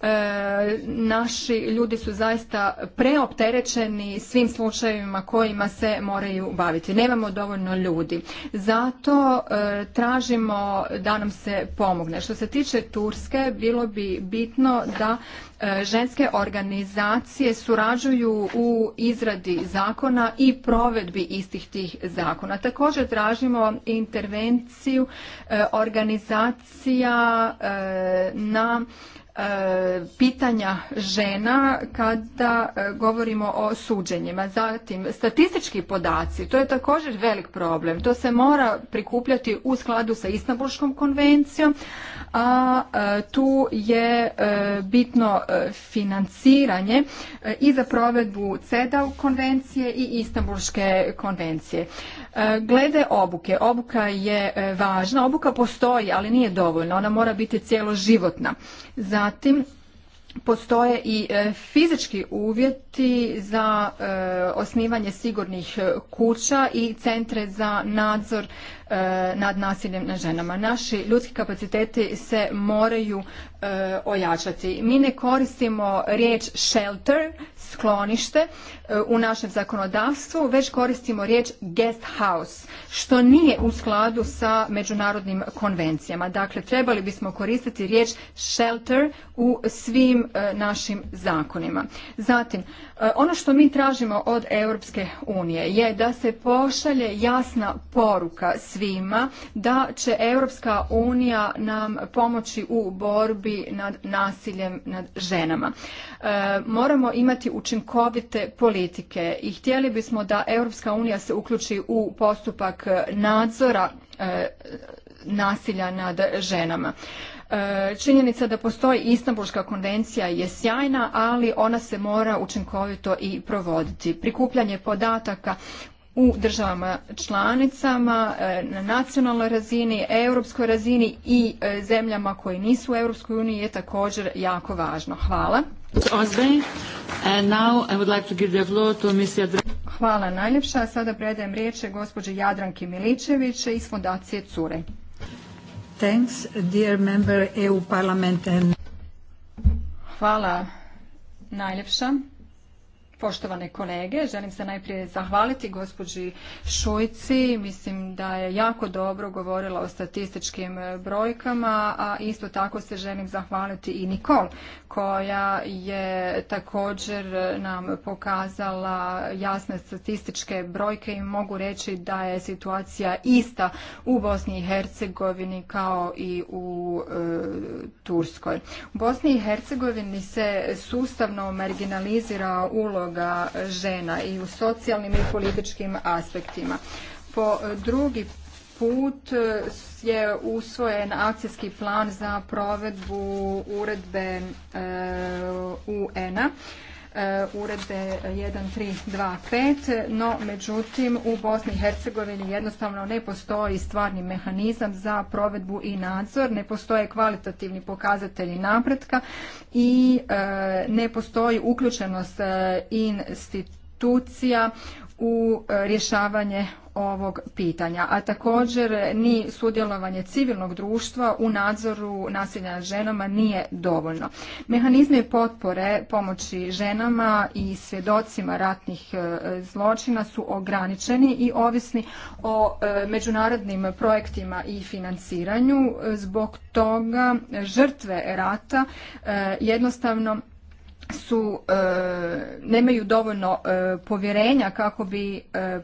E, naši ljudi su zaista preopterećeni svim slučajevima kojima se moraju baviti. Nemamo dovoljno ljudi. Zato e, tražimo da nam se pomogne. Što se tiče Turske, bilo bi bitno da e, ženske organizacije surađuju u izradi zakona i provedbi istih tih zakona. Također tražimo intervenciju organizacija na E, pitanja žena kada e, govorimo o suđenjima. Zatim, statistički podaci, to je također velik problem. To se mora prikupljati u skladu sa Istanbulskom konvencijom, a e, tu je bitno financiranje i za provedbu CEDAW konvencije i Istanbulske konvencije. Glede obuke, obuka je važna, obuka postoji, ali nije dovoljna, ona mora biti cjeloživotna. Za Zatim, postoje i e, fizički uvjeti za e, osnivanje sigurnih e, kuća i centre za nadzor nad nasiljem na ženama. Naši ljudski kapaciteti se moraju ojačati. Mi ne koristimo riječ shelter sklonište e, u našem zakonodavstvu, već koristimo riječ guest house, što nije u skladu sa međunarodnim konvencijama. Dakle, trebali bismo koristiti riječ shelter u svim e, našim zakonima. Zatim, e, ono što mi tražimo od Europske unije je da se pošalje jasna poruka svima da će Europska unija nam pomoći u borbi nad nasiljem nad ženama. Moramo imati u učinkovite politike i htjeli bismo da Europska unija se uključi u postupak nadzora e, nasilja nad ženama. E, činjenica da postoji Istanbulska konvencija je sjajna, ali ona se mora učinkovito i provoditi. Prikupljanje podataka u državama članicama, e, na nacionalnoj razini, europskoj razini i e, zemljama koje nisu u Europskoj uniji je također jako važno. Hvala. Hvala najljepša. Sada predajem riječ gospođi Jadranki Miličević iz Fondacije Cure. E Hvala najljepša. Poštovane kolege, želim se najprije zahvaliti gospođi Šujci. Mislim da je jako dobro govorila o statističkim brojkama, a isto tako se želim zahvaliti i Nikol, koja je također nam pokazala jasne statističke brojke i mogu reći da je situacija ista u Bosni i Hercegovini kao i u e, Turskoj. U Bosni i Hercegovini se sustavno marginalizira ulog uloga žena i u socijalnim i političkim aspektima. Po drugi put je usvojen akcijski plan za provedbu uredbe e, UN-a E, uredbe 1325, no međutim u Bosni i Hercegovini jednostavno ne postoji stvarni mehanizam za provedbu i nadzor, ne postoje kvalitativni pokazatelji napretka i e, ne postoji uključenost e, institucija u e, rješavanje ovog pitanja, a također ni sudjelovanje civilnog društva u nadzoru nasilja nad ženama nije dovoljno. Mehanizmi potpore pomoći ženama i svjedocima ratnih e, zločina su ograničeni i ovisni o e, međunarodnim projektima i financiranju. Zbog toga žrtve rata jednostavno su e, nemaju dovoljno e, povjerenja kako bi e,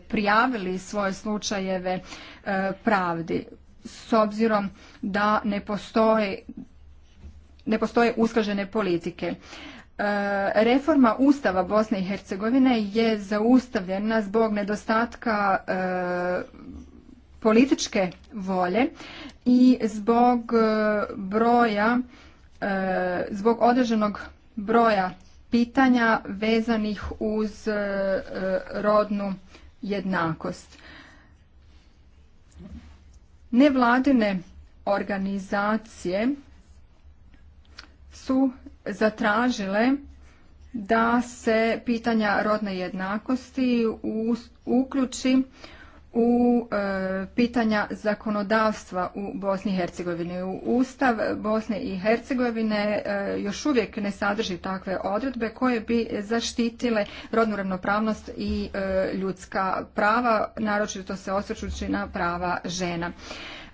prijavili svoje slučajeve pravdi s obzirom da ne postoje ne postoje usklažene politike. Reforma Ustava Bosne i Hercegovine je zaustavljena zbog nedostatka političke volje i zbog broja, zbog određenog broja pitanja vezanih uz e, rodnu jednakost. Nevladine organizacije su zatražile da se pitanja rodne jednakosti uključi u e, pitanja zakonodavstva u Bosni i Hercegovini. U Ustav Bosne i Hercegovine e, još uvijek ne sadrži takve odredbe koje bi zaštitile rodnu ravnopravnost i e, ljudska prava, naročito se osvrćući na prava žena.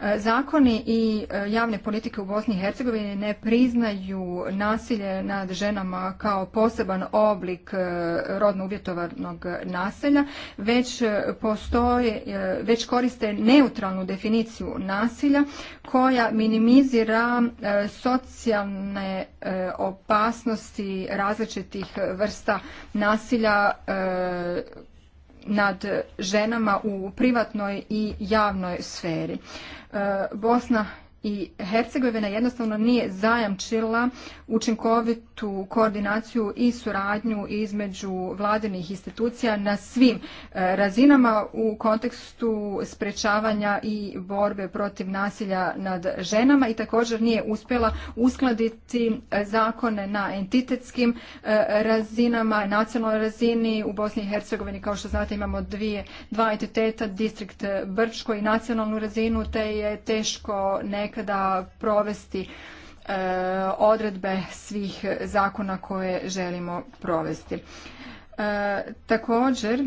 E, zakoni i e, javne politike u Bosni i Hercegovini ne priznaju nasilje nad ženama kao poseban oblik e, rodno uvjetovanog nasilja, već postoje, već koriste neutralnu definiciju nasilja koja minimizira socijalne opasnosti različitih vrsta nasilja nad ženama u privatnoj i javnoj sferi. Bosna i Hercegovina jednostavno nije zajamčila učinkovitu koordinaciju i suradnju između vladinih institucija na svim e, razinama u kontekstu sprečavanja i borbe protiv nasilja nad ženama i također nije uspjela uskladiti e, zakone na entitetskim e, razinama, nacionalnoj razini u Bosni i Hercegovini kao što znate imamo dvije, dva entiteta, distrikt Brčko i nacionalnu razinu te je teško neka nekada provesti e, odredbe svih zakona koje želimo provesti. E, također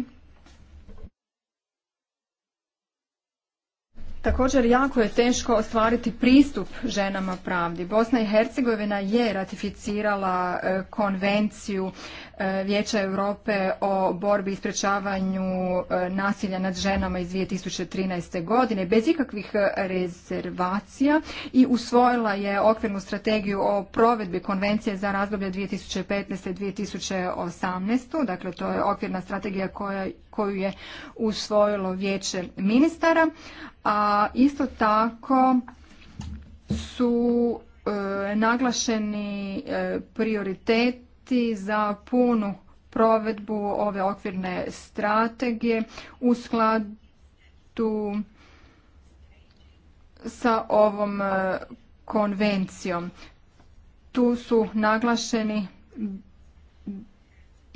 Također jako je teško ostvariti pristup ženama pravdi. Bosna i Hercegovina je ratificirala e, konvenciju e, Vijeća Europe o borbi i sprečavanju e, nasilja nad ženama iz 2013. godine bez ikakvih rezervacija i usvojila je okvirnu strategiju o provedbi konvencije za razdoblje 2015. i 2018. Dakle, to je okvirna strategija koja koju je usvojilo vijeće ministara, a isto tako su e, naglašeni e, prioriteti za punu provedbu ove okvirne strategije u skladu sa ovom e, konvencijom. Tu su naglašeni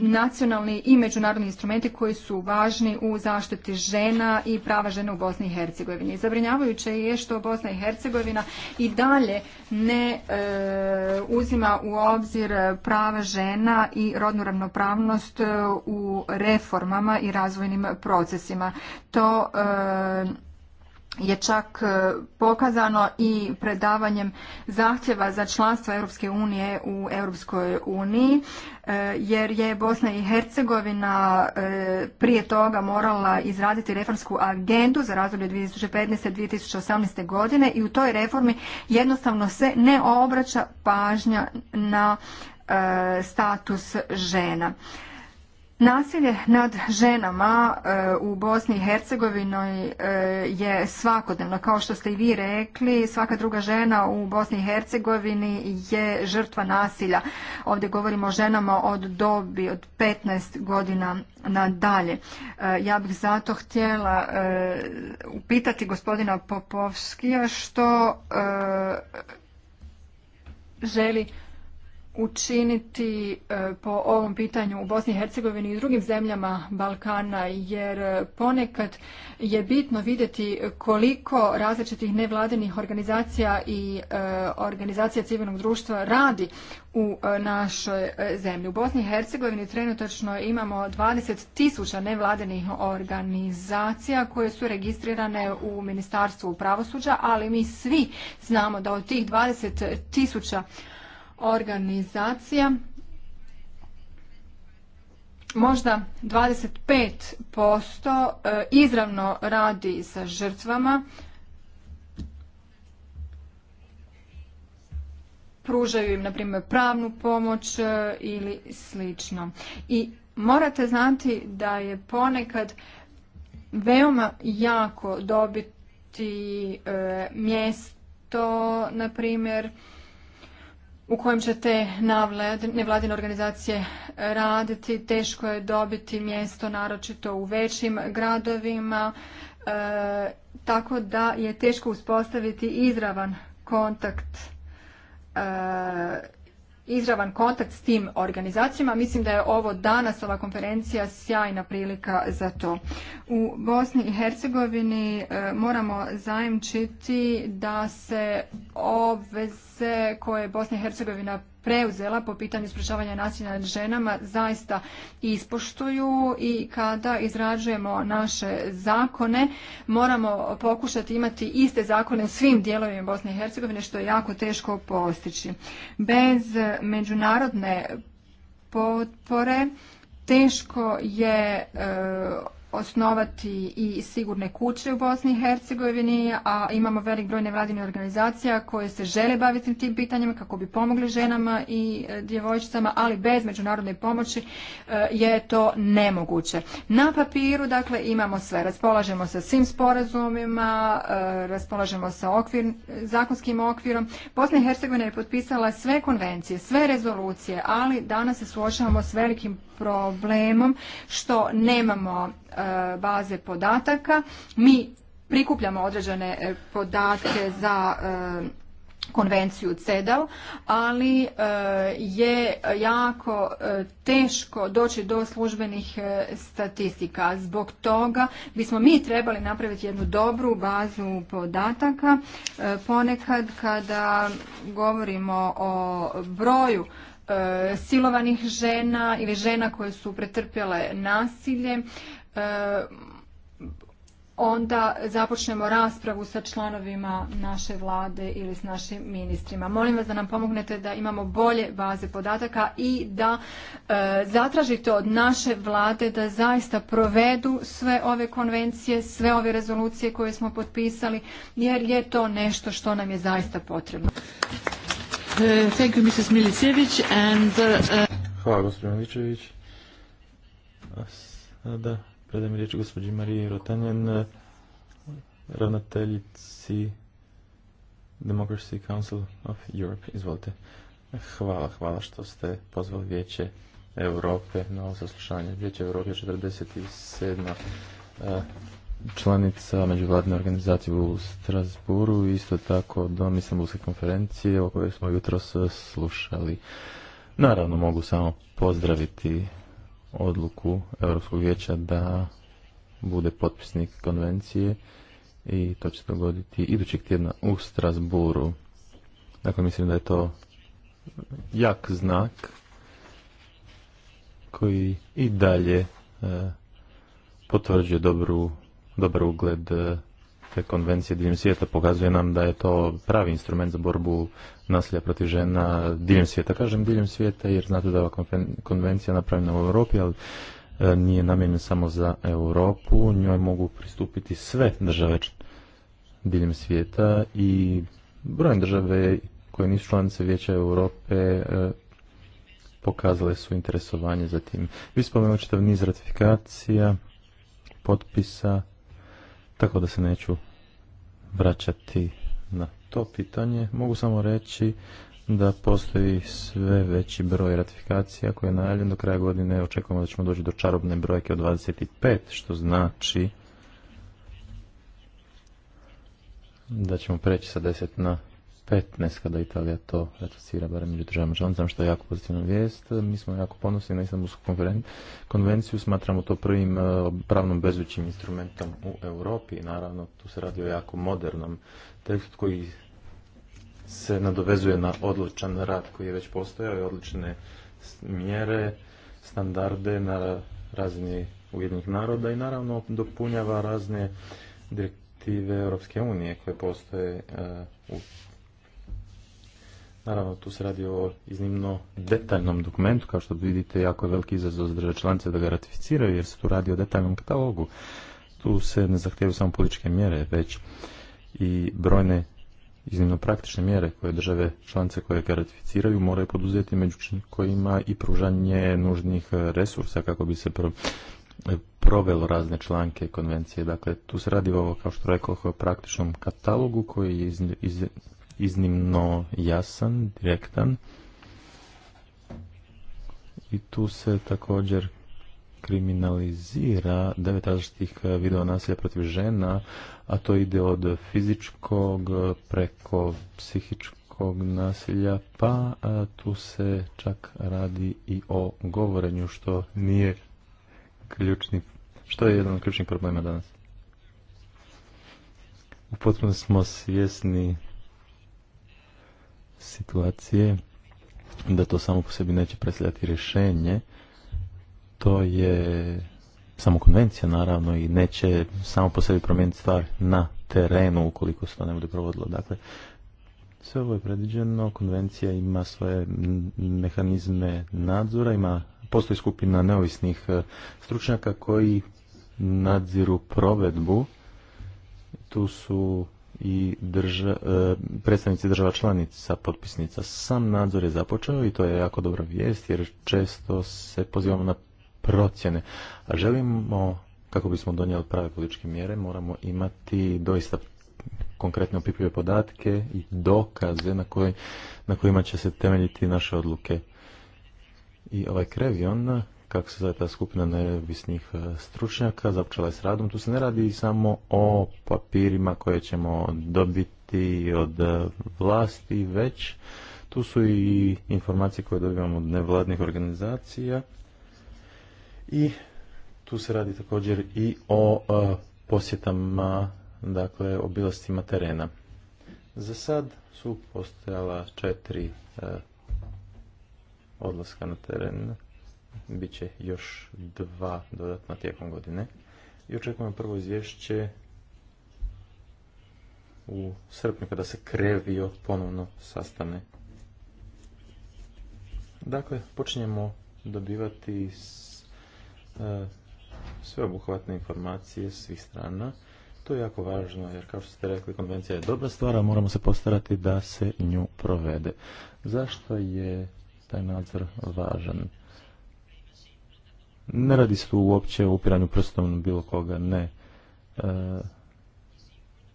nacionalni i međunarodni instrumenti koji su važni u zaštiti žena i prava žena u Bosni i Hercegovini. Zabrinjavajuće je što Bosna i Hercegovina i dalje ne e, uzima u obzir prava žena i rodnu ravnopravnost e, u reformama i razvojnim procesima. To e, je čak e, pokazano i predavanjem zahtjeva za članstvo Europske unije u Europskoj uniji e, jer je Bosna i Hercegovina e, prije toga morala izraditi reformsku agendu za razdoblje 2015-2018. godine i u toj reformi jednostavno se ne obraća pažnja na status žena. Nasilje nad ženama e, u Bosni i Hercegovini e, je svakodnevno. Kao što ste i vi rekli, svaka druga žena u Bosni i Hercegovini je žrtva nasilja. Ovdje govorimo o ženama od dobi od 15 godina nadalje. E, ja bih zato htjela upitati gospodina Popovskija što želi učiniti e, po ovom pitanju u Bosni i Hercegovini i drugim zemljama Balkana jer e, ponekad je bitno vidjeti koliko različitih nevladinih organizacija i e, organizacija civilnog društva radi u našoj zemlji. U Bosni i Hercegovini trenutačno imamo 20 tisuća nevladinih organizacija koje su registrirane u Ministarstvu pravosuđa, ali mi svi znamo da od tih 20 tisuća organizacija možda 25% e, izravno radi sa žrtvama, pružaju im, na primjer, pravnu pomoć e, ili slično. I morate znati da je ponekad veoma jako dobiti e, mjesto, na primjer, u kojem će te nevladine organizacije raditi. Teško je dobiti mjesto, naročito u većim gradovima, e, tako da je teško uspostaviti izravan kontakt e, izravan kontakt s tim organizacijama. Mislim da je ovo danas, ova konferencija, sjajna prilika za to. U Bosni i Hercegovini e, moramo zajemčiti da se obveze koje Bosna i Hercegovina preuzela po pitanju sprečavanja nasilja nad ženama zaista ispoštuju i kada izrađujemo naše zakone moramo pokušati imati iste zakone svim dijelovima Bosne i Hercegovine što je jako teško postići. Bez međunarodne potpore teško je e, osnovati i sigurne kuće u Bosni i Hercegovini, a imamo velik broj nevladinih organizacija koje se žele baviti tim pitanjima kako bi pomogli ženama i e, djevojčicama, ali bez međunarodne pomoći e, je to nemoguće. Na papiru, dakle, imamo sve. Raspolažemo sa svim sporazumima, e, raspolažemo sa okvir, zakonskim okvirom. Bosna i Hercegovina je potpisala sve konvencije, sve rezolucije, ali danas se suočavamo s velikim problemom što nemamo e, baze podataka. Mi prikupljamo određene e, podatke za e, konvenciju CEDAW, ali je jako teško doći do službenih statistika. Zbog toga bismo mi trebali napraviti jednu dobru bazu podataka. Ponekad kada govorimo o broju E, silovanih žena ili žena koje su pretrpjele nasilje e, onda započnemo raspravu sa članovima naše vlade ili s našim ministrima. Molim vas da nam pomognete da imamo bolje baze podataka i da e, zatražite od naše vlade da zaista provedu sve ove konvencije, sve ove rezolucije koje smo potpisali jer je to nešto što nam je zaista potrebno. Uh, thank you, Mrs. And, uh, uh... Hvala, gospođo Miličević. A sada predajem riječ gospođi Mariji Rotanjen, uh, ravnateljici Democracy Council of Europe. Izvolite. Hvala, hvala što ste pozvali Vijeće Europe na ovo saslušanje. Vijeće Europe je 47 članica međuvladne organizacije u Strasburu i isto tako do Istanbulske konferencije o kojoj smo jutro slušali. Naravno mogu samo pozdraviti odluku Europskog vijeća da bude potpisnik konvencije i to će se dogoditi idućeg tjedna u Strasburu. Dakle, mislim da je to jak znak koji i dalje e, potvrđuje dobru dobar ugled e, te konvencije diljem svijeta pokazuje nam da je to pravi instrument za borbu nasilja protiv žena diljem svijeta. Kažem diljem svijeta jer znate da je ova konvencija napravljena u Europi, ali e, nije namijenjen samo za Europu. Njoj mogu pristupiti sve države diljem svijeta i brojne države koje nisu članice Vijeća Europe e, pokazale su interesovanje za tim. Vi spomenuli čitav niz ratifikacija, potpisa, tako da se neću vraćati na to pitanje. Mogu samo reći da postoji sve veći broj ratifikacija koje je najavljen do kraja godine. Očekujemo da ćemo doći do čarobne brojke od 25, što znači da ćemo preći sa 10 na 15 kada Italija to ratificira barem među državama članicama što je jako pozitivna vijest. Mi smo jako ponosni na Istanbulsku konvenciju, smatramo to prvim e, pravnom obvezujućim instrumentom u Europi. Naravno, tu se radi o jako modernom tekstu koji se nadovezuje na odličan rad koji je već postojao i odlične mjere, standarde na razini ujednih naroda i naravno dopunjava razne direktive Europske unije koje postoje e, u Naravno, tu se radi o iznimno detaljnom dokumentu, kao što vidite, jako je veliki izazov za države članice da ga ratificiraju, jer se tu radi o detaljnom katalogu. Tu se ne zahtijevaju samo političke mjere, već i brojne iznimno praktične mjere koje države članice koje ga ratificiraju moraju poduzeti, među kojima i pružanje nužnih resursa kako bi se provelo razne članke konvencije. Dakle, tu se radi o, kao što rekao, o praktičnom katalogu koji je iz, iznimno jasan, direktan. I tu se također kriminalizira devet različitih eh, vidova nasilja protiv žena, a to ide od fizičkog preko psihičkog nasilja, pa eh, tu se čak radi i o govorenju, što nije ključni, što je jedan od ključnih problema danas. U potpuno smo svjesni situacije da to samo po sebi neće predstavljati rješenje. To je samo konvencija naravno i neće samo po sebi promijeniti stvar na terenu ukoliko se to ne bude provodilo. Dakle, sve ovo je predviđeno, konvencija ima svoje mehanizme nadzora, ima postoji skupina neovisnih e, stručnjaka koji nadziru provedbu. Tu su i drža, e, predstavnici država članica potpisnica. Sam nadzor je započeo i to je jako dobra vijest jer često se pozivamo na procjene. A želimo, kako bismo donijeli prave političke mjere, moramo imati doista konkretne opipljive podatke i dokaze na, na kojima će se temeljiti naše odluke. I ovaj krevion kako se zove ta skupina neovisnih e, stručnjaka, započela je s radom. Tu se ne radi samo o papirima koje ćemo dobiti od e, vlasti, već tu su i informacije koje dobivamo od nevladnih organizacija i tu se radi također i o e, posjetama, dakle obilastima terena. Za sad su postojala četiri odlaska na teren bit će još dva dodatna tijekom godine. I očekujemo prvo izvješće u srpnju kada se krevio ponovno sastane. Dakle, počinjemo dobivati sve sveobuhvatne informacije svih strana. To je jako važno, jer kao što ste rekli, konvencija je dobra stvar, a moramo se postarati da se nju provede. Zašto je taj nadzor važan? Ne radi se uopće o upiranju prstom bilo koga, ne. E,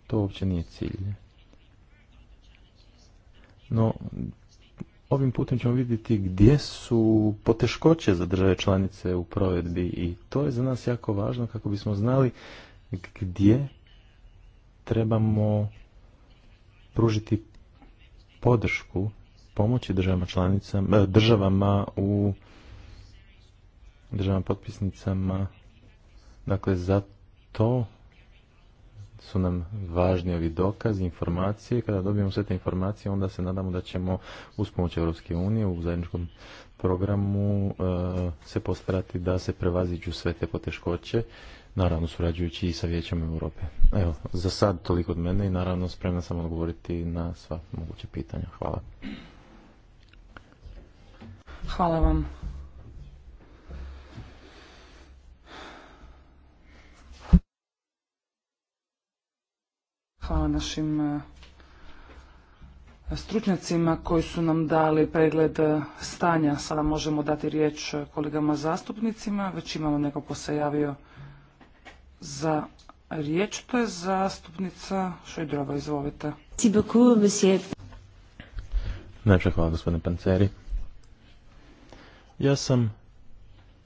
to uopće nije cilj. No, ovim putem ćemo vidjeti gdje su poteškoće za države članice u provedbi i to je za nas jako važno kako bismo znali gdje trebamo pružiti podršku pomoći državama članicama, e, državama u državama potpisnicama. Dakle, za to su nam važni ovi dokazi, informacije. Kada dobijemo sve te informacije, onda se nadamo da ćemo uz pomoć Europske unije u zajedničkom programu eh, se postarati da se prevaziđu sve te poteškoće, naravno surađujući i sa Vijećem Europe. Evo, za sad toliko od mene i naravno spremna sam odgovoriti na sva moguća pitanja. Hvala. Hvala vam Hvala našim e, stručnjacima koji su nam dali pregled e, stanja. Sada možemo dati riječ e, kolegama zastupnicima. Već imamo neko ko se javio za riječ. To je zastupnica Šojdrova. Izvolite. Najprej hvala gospodine Panceri. Ja sam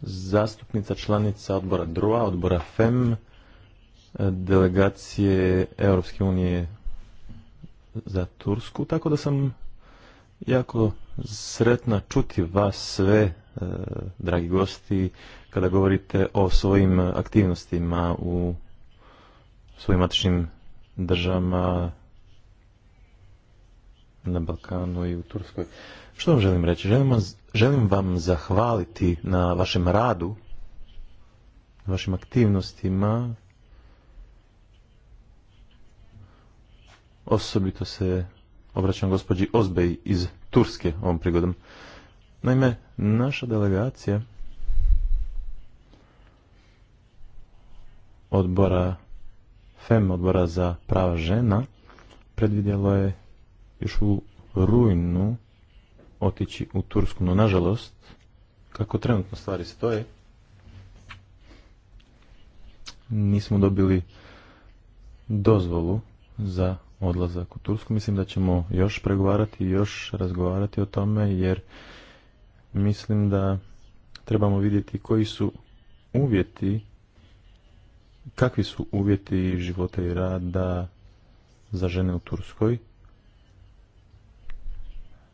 zastupnica članica odbora DRUA, odbora FEM delegacije Europske unije za Tursku, tako da sam jako sretna čuti vas sve, e, dragi gosti, kada govorite o svojim aktivnostima u svojim matičnim državama na Balkanu i u Turskoj. Što vam želim reći? Želim, želim vam zahvaliti na vašem radu, na vašim aktivnostima, Osobito se obraćam gospođi Ozbej iz Turske ovom prigodom. Naime, naša delegacija odbora FEM, odbora za prava žena, predvidjela je još u rujnu otići u Tursku, no nažalost, kako trenutno stvari stoje, nismo dobili dozvolu za odlazak u Tursku. Mislim da ćemo još pregovarati i još razgovarati o tome jer mislim da trebamo vidjeti koji su uvjeti, kakvi su uvjeti života i rada za žene u Turskoj.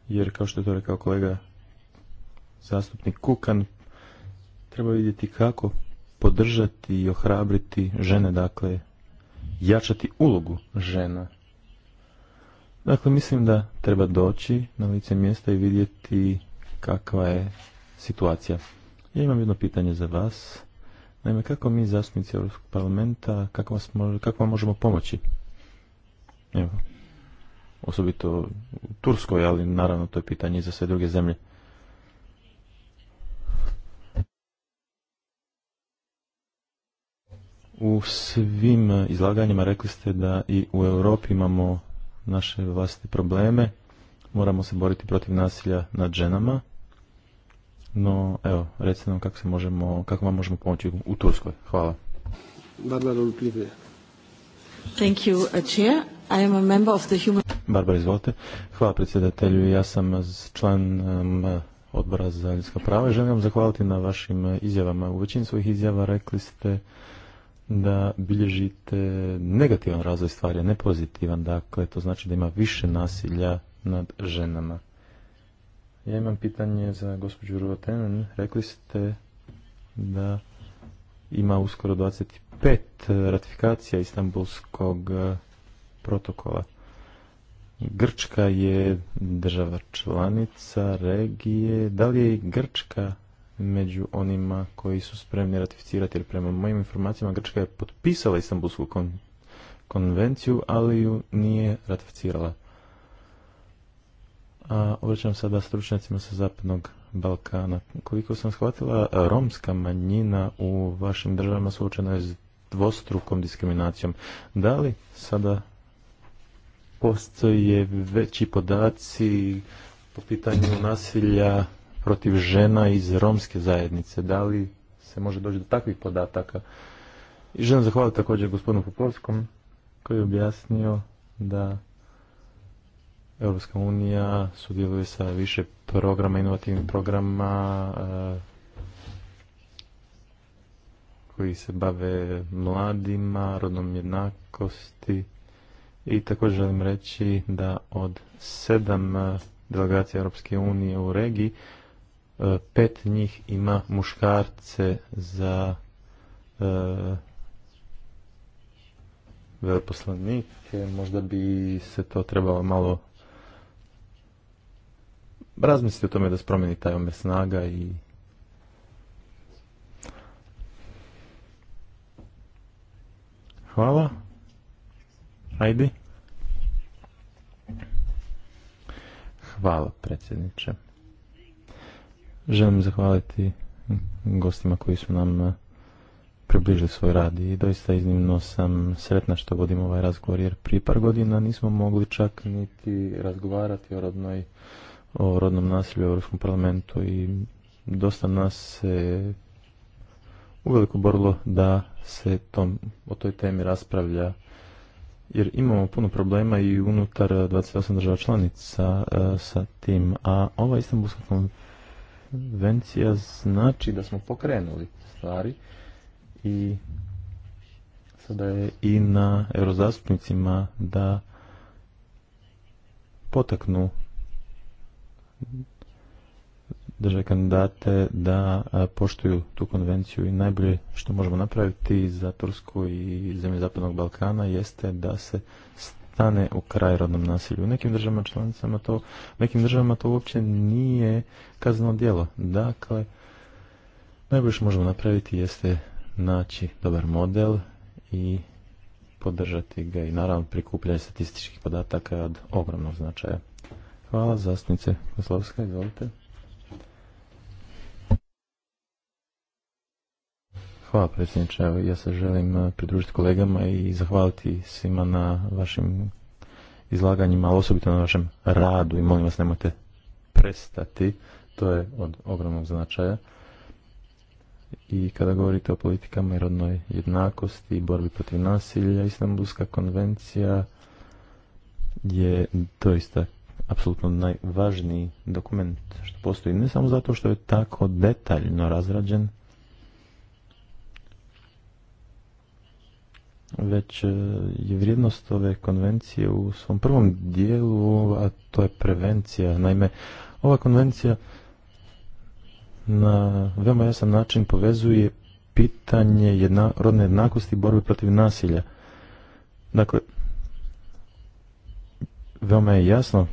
Jer kao što je to rekao kolega zastupnik Kukan, treba vidjeti kako podržati i ohrabriti žene, dakle jačati ulogu žena Dakle, mislim da treba doći na lice mjesta i vidjeti kakva je situacija. Ja imam jedno pitanje za vas. Naime, kako mi zastupnici Europskog parlamenta, kako, vas kako vam možemo pomoći? Evo, osobito u Turskoj, ali naravno to je pitanje i za sve druge zemlje. U svim izlaganjima rekli ste da i u Europi imamo naše vlastite probleme, moramo se boriti protiv nasilja nad ženama. No, evo, recite nam kako, se možemo, kako vam možemo pomoći u Turskoj. Hvala. Barbara Thank Barbara, izvolite. Hvala predsjedatelju. Ja sam uh, član um, odbora za ljudska prava i želim vam zahvaliti na vašim uh, izjavama. U većini svojih izjava rekli ste da bilježite negativan razvoj stvari, a ne pozitivan. Dakle, to znači da ima više nasilja nad ženama. Ja imam pitanje za gospođu Rovatenen. Rekli ste da ima uskoro 25 ratifikacija Istanbulskog eh, protokola. Grčka je država članica regije. Da li je i Grčka među onima koji su spremni ratificirati, jer prema mojim informacijama Grčka je potpisala Istanbulsku konvenciju, ali ju nije ratificirala. A obraćam sada stručnjacima sa Zapadnog Balkana. Koliko sam shvatila, romska manjina u vašim državama suočena je s dvostrukom diskriminacijom. Da li sada postoje veći podaci po pitanju nasilja protiv žena iz romske zajednice. Da li se može doći do takvih podataka? I želim zahvaliti također gospodinu Popovskom koji je objasnio da Europska unija sudjeluje sa više programa, inovativnih programa eh, koji se bave mladima, rodnom jednakosti i također želim reći da od sedam eh, delegacija Europske unije u regiji pet njih ima muškarce za e, Možda bi se to trebalo malo razmisliti o tome da spromeni taj omer snaga i Hvala. Ajde. Hvala predsjedniče. Želim zahvaliti gostima koji su nam eh, približili svoj rad i doista iznimno sam sretna što vodim ovaj razgovor jer prije par godina nismo mogli čak niti razgovarati o rodnoj o rodnom nasilju u Europskom parlamentu i dosta nas se uveliko borilo da se tom, o toj temi raspravlja jer imamo puno problema i unutar 28 država članica eh, sa tim, a ova Istanbulska konvencija znači da smo pokrenuli stvari i sada je i na eurozastupnicima da potaknu države kandidate da poštuju tu konvenciju i najbolje što možemo napraviti za Tursku i zemlje Zapadnog Balkana jeste da se stane u kraj rodnom nasilju. U nekim državama članicama to, nekim državama to uopće nije kazneno djelo. Dakle, najbolje što možemo napraviti jeste naći dobar model i podržati ga i naravno prikupljanje statističkih podataka od ogromnog značaja. Hvala zastupnice Koslovska, izvolite. Hvala predsjedniče. Ja se želim eh, pridružiti kolegama i zahvaliti svima na vašim izlaganjima, ali osobito na vašem radu i molim vas nemojte prestati. To je od ogromnog značaja. I kada govorite o politikama i rodnoj jednakosti i borbi protiv nasilja, Istanbulska konvencija je doista apsolutno najvažniji dokument što postoji. Ne samo zato što je tako detaljno razrađen, već e, je vrijednost ove konvencije u svom prvom dijelu, a to je prevencija. Naime, ova konvencija na veoma jasan način povezuje pitanje rodne jednakosti i borbe protiv nasilja. Dakle, veoma je jasno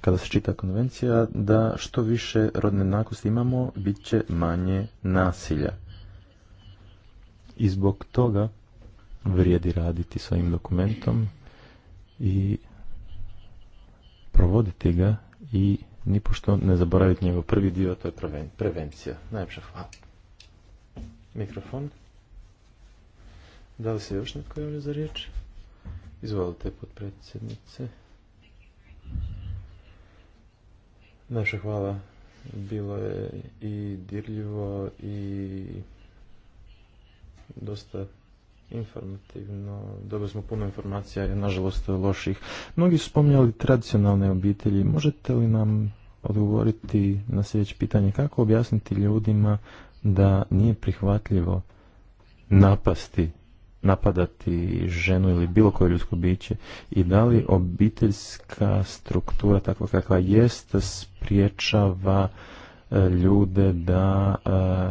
kada se čita konvencija da što više rodne jednakosti imamo, bit će manje nasilja. I zbog toga vrijedi raditi s ovim dokumentom i provoditi ga i nipošto ne zaboraviti njegov prvi dio, to je prevencija. Najljepša hvala. Mikrofon. Da li se još netko javlja za riječ? Izvolite, potpredsjednice. Naša hvala. Bilo je i dirljivo i dosta informativno, dobili smo puno informacija, je nažalost loših. Mnogi su spominjali tradicionalne obitelji. Možete li nam odgovoriti na sljedeće pitanje kako objasniti ljudima da nije prihvatljivo napasti, napadati ženu ili bilo koje ljudsko biće i da li obiteljska struktura takva kakva jest spriječava e, ljude da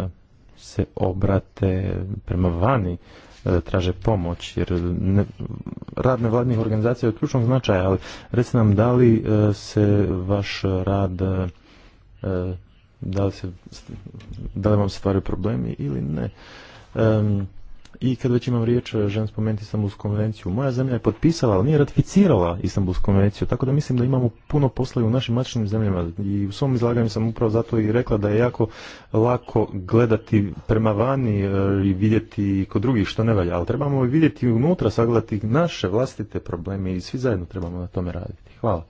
e, se obrate prema vani E, traže pomoć, jer ne, rad nevladnih organizacija je od ključnog značaja, ali recite nam da li e, se vaš rad, e, da li, se, da li vam stvaraju problemi ili ne. I kad već imam riječ, e, želim spomenuti Istanbulsku konvenciju. Moja zemlja je potpisala, ali nije ratificirala Istanbulsku konvenciju, tako da mislim da imamo puno posla i u našim matičnim zemljama. I u svom izlaganju sam upravo zato i rekla da je jako lako gledati prema vani e, i vidjeti kod drugih što ne valja, ali trebamo vidjeti unutra, sagledati naše vlastite probleme i svi zajedno trebamo na tome raditi. Hvala.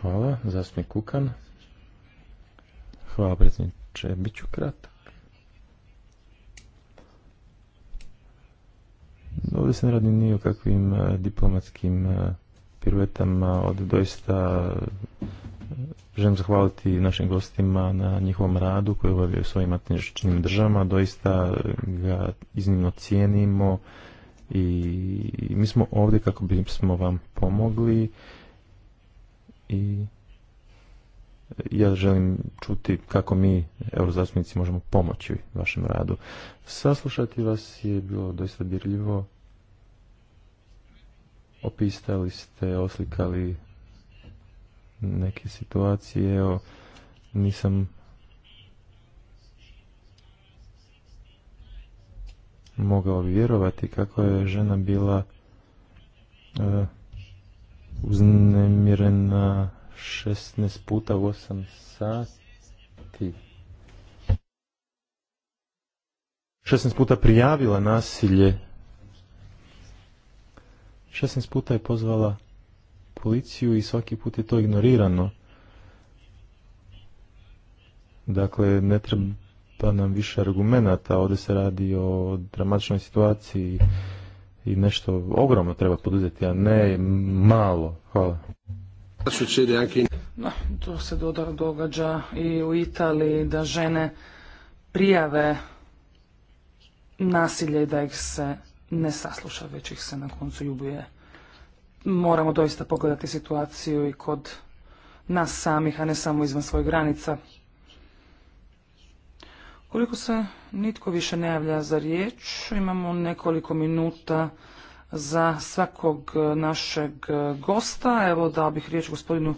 Hvala, zastupnik Kukan. Hvala predsjedniče, bit ću kratko. Ovdje se ne radi ni o kakvim e, diplomatskim e, piruetama od doista e, želim zahvaliti našim gostima na njihovom radu koji obavljaju svojim matičnim državama. Doista ga iznimno cijenimo i mi smo ovdje kako bismo vam pomogli i ja želim čuti kako mi, eurozastupnici, možemo pomoći vašem radu. Saslušati vas je bilo doista dirljivo. Opistali ste, oslikali neke situacije. Evo, nisam mogao vjerovati kako je žena bila e, uznemirena 16 puta u 8 sati. 16 puta prijavila nasilje. 16 puta je pozvala policiju i svaki put je to ignorirano. Dakle, ne treba nam više argumenata, ovdje se radi o dramatičnoj situaciji i nešto ogromno treba poduzeti, a ne malo. Hvala. No, to se događa i u Italiji da žene prijave nasilje i da ih se ne sasluša, već ih se na koncu ljubuje. Moramo doista pogledati situaciju i kod nas samih, a ne samo izvan svojih granica. Koliko se nitko više ne javlja za riječ, imamo nekoliko minuta za svakog e, našeg e, gosta. Evo da bih riječ gospodinu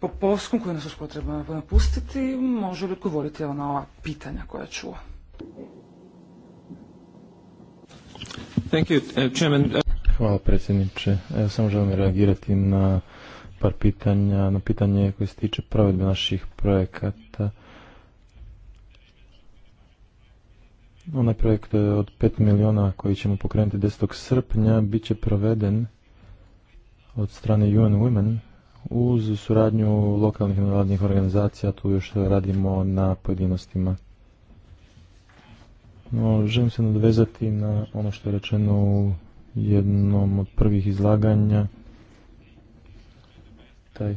Popovskom koji nas još treba napustiti. Može li odgovoriti na ova pitanja koja je uh, Hvala predsjedniče. Evo samo želim reagirati na par pitanja, na pitanje koje se tiče provedbe naših projekata. onaj projekt e, od 5 miliona koji ćemo pokrenuti 10. srpnja bit će proveden od strane UN Women uz suradnju lokalnih nevladnih organizacija, tu još radimo na pojedinostima. No, želim se nadvezati na ono što je rečeno u jednom od prvih izlaganja, taj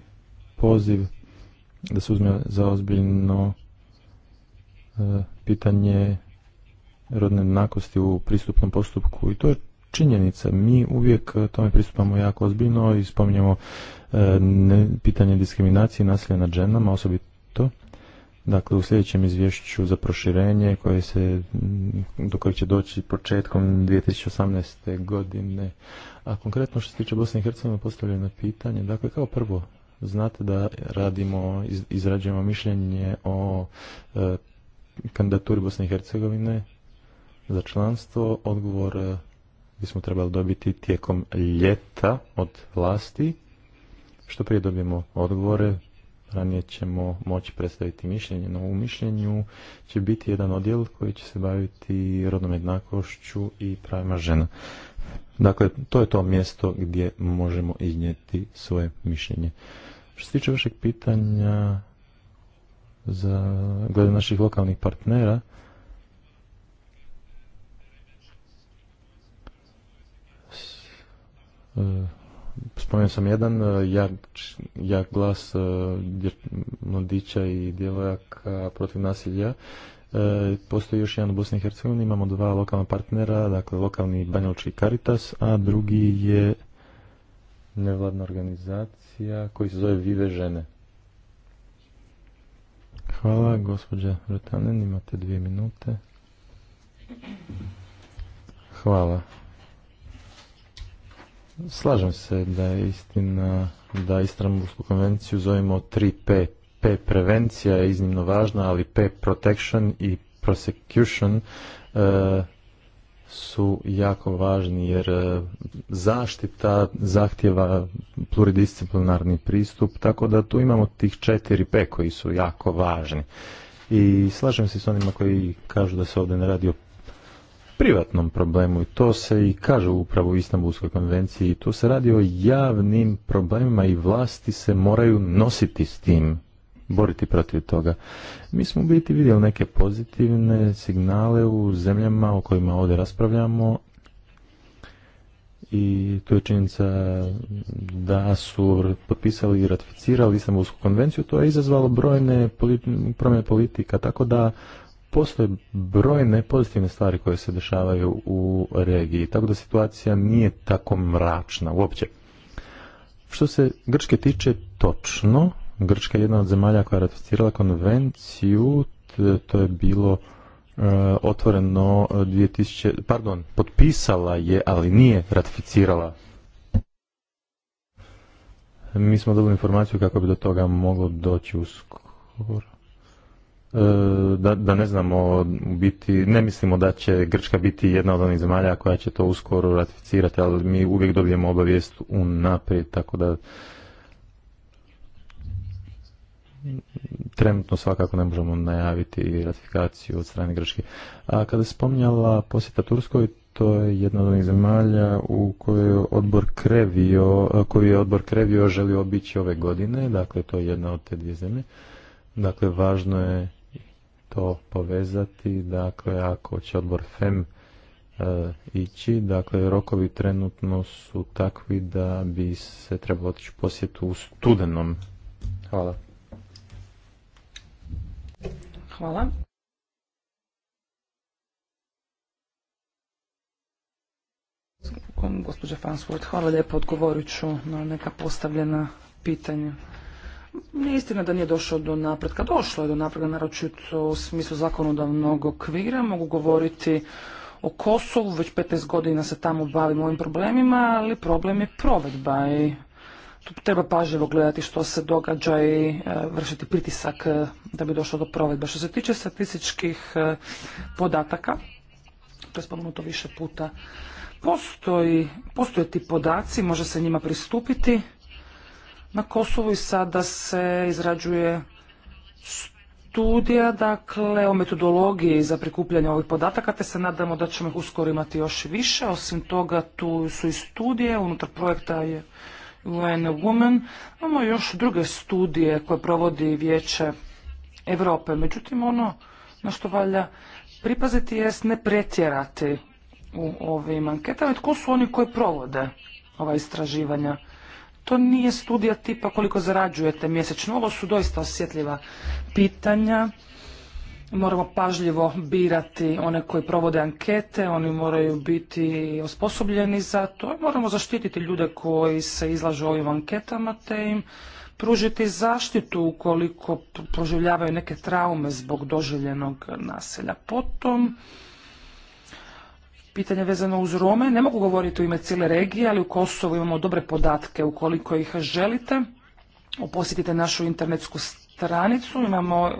poziv da se uzme za ozbiljno e, pitanje rodne jednakosti u pristupnom postupku i to je činjenica. Mi uvijek eh, tome pristupamo jako ozbiljno i spominjemo eh, pitanje diskriminacije i nasilja nad ženama, osobito Dakle, u sljedećem izvješću za proširenje koje se, mm, do kojeg će doći početkom 2018. godine. A konkretno što se tiče Bosne i Hercegovine postavljeno pitanje. Dakle, kao prvo, znate da radimo, izrađujemo mišljenje o e, kandidaturi Bosne i Hercegovine za članstvo. Odgovor eh, bismo trebali dobiti tijekom ljeta od vlasti. Što prije dobijemo odgovore, ranije ćemo moći predstaviti mišljenje, no u mišljenju će biti jedan odjel koji će se baviti rodnom jednakošću i pravima žena. Dakle, to je to mjesto gdje možemo iznijeti svoje mišljenje. Što se tiče vašeg pitanja za glede naših lokalnih partnera, E, spomenuo sam jedan e, jak, jak glas e, mladića i djevojaka protiv nasilja. Postoji još jedan u Bosni i Hercegovini, imamo dva lokalna partnera, dakle lokalni i Caritas, a drugi je nevladna organizacija koji se zove Vive žene. Hvala, gospođa Rotanen. imate dvije minute. Hvala. Slažem se da je istina da Istanbulsku konvenciju zovemo 3P. P prevencija je iznimno važna, ali P protection i prosecution e, su jako važni jer e, zaštita zahtjeva pluridisciplinarni pristup, tako da tu imamo tih 4P koji su jako važni. I slažem se s onima koji kažu da se ovdje ne radi o privatnom problemu i to se i kaže upravo u Istanbulskoj konvenciji. To se radi o javnim problemima i vlasti se moraju nositi s tim, boriti protiv toga. Mi smo u biti vidjeli neke pozitivne signale u zemljama o kojima ovdje raspravljamo i to je činjenica da su potpisali i ratificirali Istanbulsku konvenciju, to je izazvalo brojne promjene politika, tako da postoje brojne pozitivne stvari koje se dešavaju u regiji, tako da situacija nije tako mračna uopće. Što se Grčke tiče točno, Grčka je jedna od zemalja koja je ratificirala konvenciju, to je bilo e, otvoreno 2000, pardon, potpisala je, ali nije ratificirala. Mi smo dobili informaciju kako bi do toga moglo doći uskoro. E, da, da ne znamo biti, ne mislimo da će Grčka biti jedna od onih zemalja koja će to uskoro ratificirati, ali mi uvijek dobijemo obavijest unaprijed, tako da trenutno svakako ne možemo najaviti ratifikaciju od strane Grčke. A kada se spominjala posjeta Turskoj, to je jedna od onih zemalja u kojoj je odbor krevio, koji je odbor krevio želio obići ove godine, dakle to je jedna od te dvije zemlje. Dakle, važno je to povezati, dakle ako će odbor FEM e, ići, dakle rokovi trenutno su takvi da bi se trebalo otići u posjetu u studenom. Hvala. Hvala. Gospodin Fansworth, hvala lijepo, odgovorit ću na neka postavljena pitanja. Nije istina da nije došlo do napretka. Došlo je do napretka, naročito u smislu zakonodavnog okvira. Mogu govoriti o Kosovu, već 15 godina se tamo bavimo ovim problemima, ali problem je provedba i tu treba pažljivo gledati što se događa i e, vršiti pritisak e, da bi došlo do provedbe. Što se tiče statističkih e, podataka, to je spomenuto više puta, postoje ti podaci, može se njima pristupiti, na Kosovu i sada se izrađuje studija, dakle, o metodologiji za prikupljanje ovih podataka, te se nadamo da ćemo ih uskoro imati još više. Osim toga, tu su i studije, unutar projekta je UN Women. Imamo još druge studije koje provodi Vijeće Europe. Međutim, ono na što valja pripaziti jest ne pretjerati u ovim anketama. Tko su oni koji provode ova istraživanja? to nije studija tipa koliko zarađujete mjesečno. Ovo su doista osjetljiva pitanja. Moramo pažljivo birati one koji provode ankete, oni moraju biti osposobljeni za to. Moramo zaštititi ljude koji se izlažu ovim anketama te im pružiti zaštitu ukoliko proživljavaju neke traume zbog doživljenog naselja Potom pitanje vezano uz Rome. Ne mogu govoriti u ime cijele regije, ali u Kosovu imamo dobre podatke ukoliko ih želite. Posjetite našu internetsku stranicu, imamo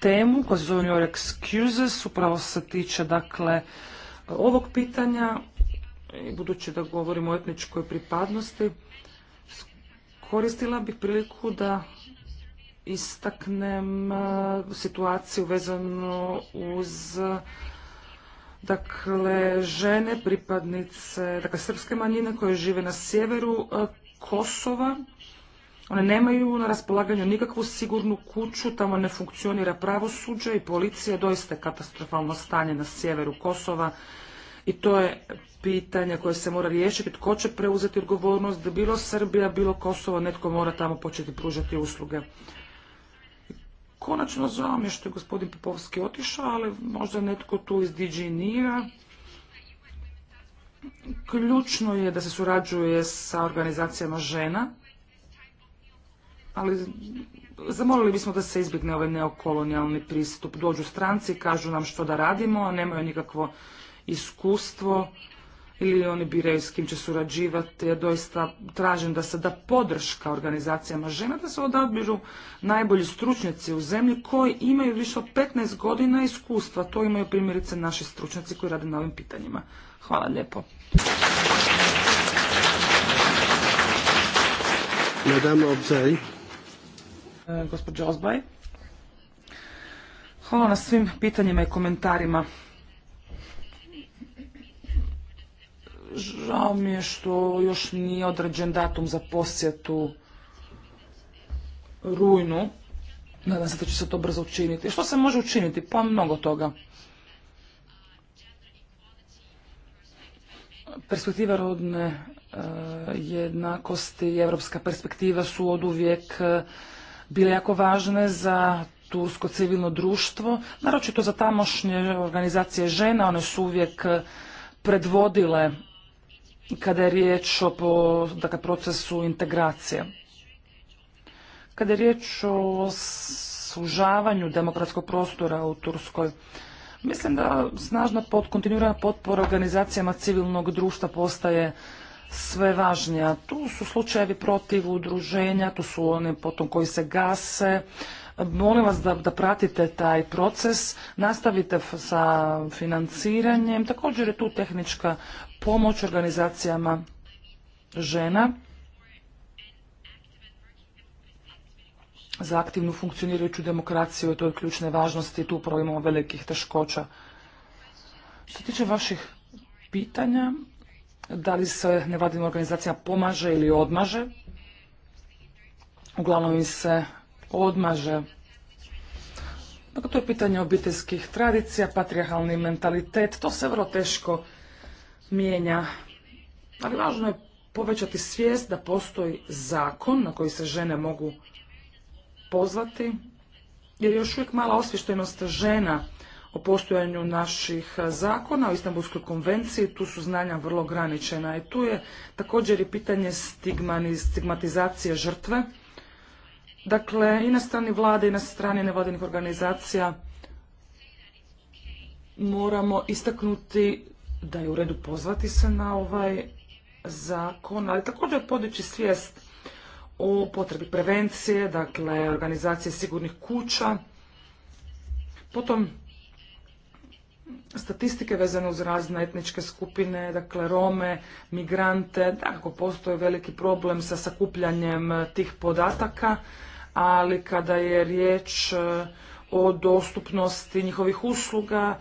temu koja se zove New Excuses, upravo se tiče dakle ovog pitanja, budući da govorimo o etničkoj pripadnosti, koristila bih priliku da istaknem eh, situaciju vezano uz dakle žene pripadnice dakle srpske manjine koje žive na sjeveru e, Kosova one nemaju na raspolaganju nikakvu sigurnu kuću, tamo ne funkcionira pravosuđe i policija, doista je katastrofalno stanje na sjeveru Kosova i to je pitanje koje se mora riješiti, tko će preuzeti odgovornost, bilo Srbija, bilo Kosovo, netko mora tamo početi pružati usluge. Konačno, žao mi je što je gospodin Popovski otišao, ali možda netko tu iz nira. Ključno je da se surađuje sa organizacijama žena, ali zamolili bismo da se izbjegne ovaj neokolonijalni pristup. Dođu stranci, kažu nam što da radimo, a nemaju nikakvo iskustvo ili oni biraju s kim će surađivati. Ja doista tražim da se da podrška organizacijama žena, da se odabiru najbolji stručnjaci u zemlji koji imaju više od 15 godina iskustva. To imaju primjerice naši stručnjaci koji rade na ovim pitanjima. Hvala lijepo. E, Hvala na svim pitanjima i komentarima. Žao mi je što još nije određen datum za posjetu rujnu. Nadam se da će se to brzo učiniti. Što se može učiniti? Pa mnogo toga. Perspektiva rodne e, jednakosti i evropska perspektiva su od uvijek e, bile jako važne za tursko civilno društvo, naročito za tamošnje organizacije žena, one su uvijek predvodile kada je riječ o dakle, procesu integracije. Kada je riječ o sužavanju demokratskog prostora u Turskoj, mislim da snažna pod, kontinuirana potpora organizacijama civilnog društva postaje sve važnija. Tu su slučajevi protiv udruženja, tu su oni potom koji se gase. Molim vas da, da pratite taj proces, nastavite sa financiranjem, također je tu tehnička pomoć organizacijama žena za aktivnu funkcionirajuću demokraciju, to je ključne važnosti, tu upravo imamo velikih teškoća. Što tiče vaših pitanja, da li se nevladinim organizacija pomaže ili odmaže, uglavnom im se odmaže. Dakle, to je pitanje obiteljskih tradicija, patrijarhalni mentalitet, to se vrlo teško mijenja. Ali važno je povećati svijest da postoji zakon na koji se žene mogu pozvati, jer je još uvijek mala osvještenost žena o postojanju naših zakona, o Istanbulskoj konvenciji, tu su znanja vrlo ograničena i tu je također i pitanje stigmatizacije žrtve. Dakle, i na strani vlade i na strani nevladinih organizacija moramo istaknuti da je u redu pozvati se na ovaj zakon, ali također podići svijest o potrebi prevencije, dakle organizacije sigurnih kuća, potom statistike vezane uz razne etničke skupine, dakle Rome, migrante, dakle postoje veliki problem sa sakupljanjem eh, tih podataka, ali kada je riječ eh, o dostupnosti njihovih usluga,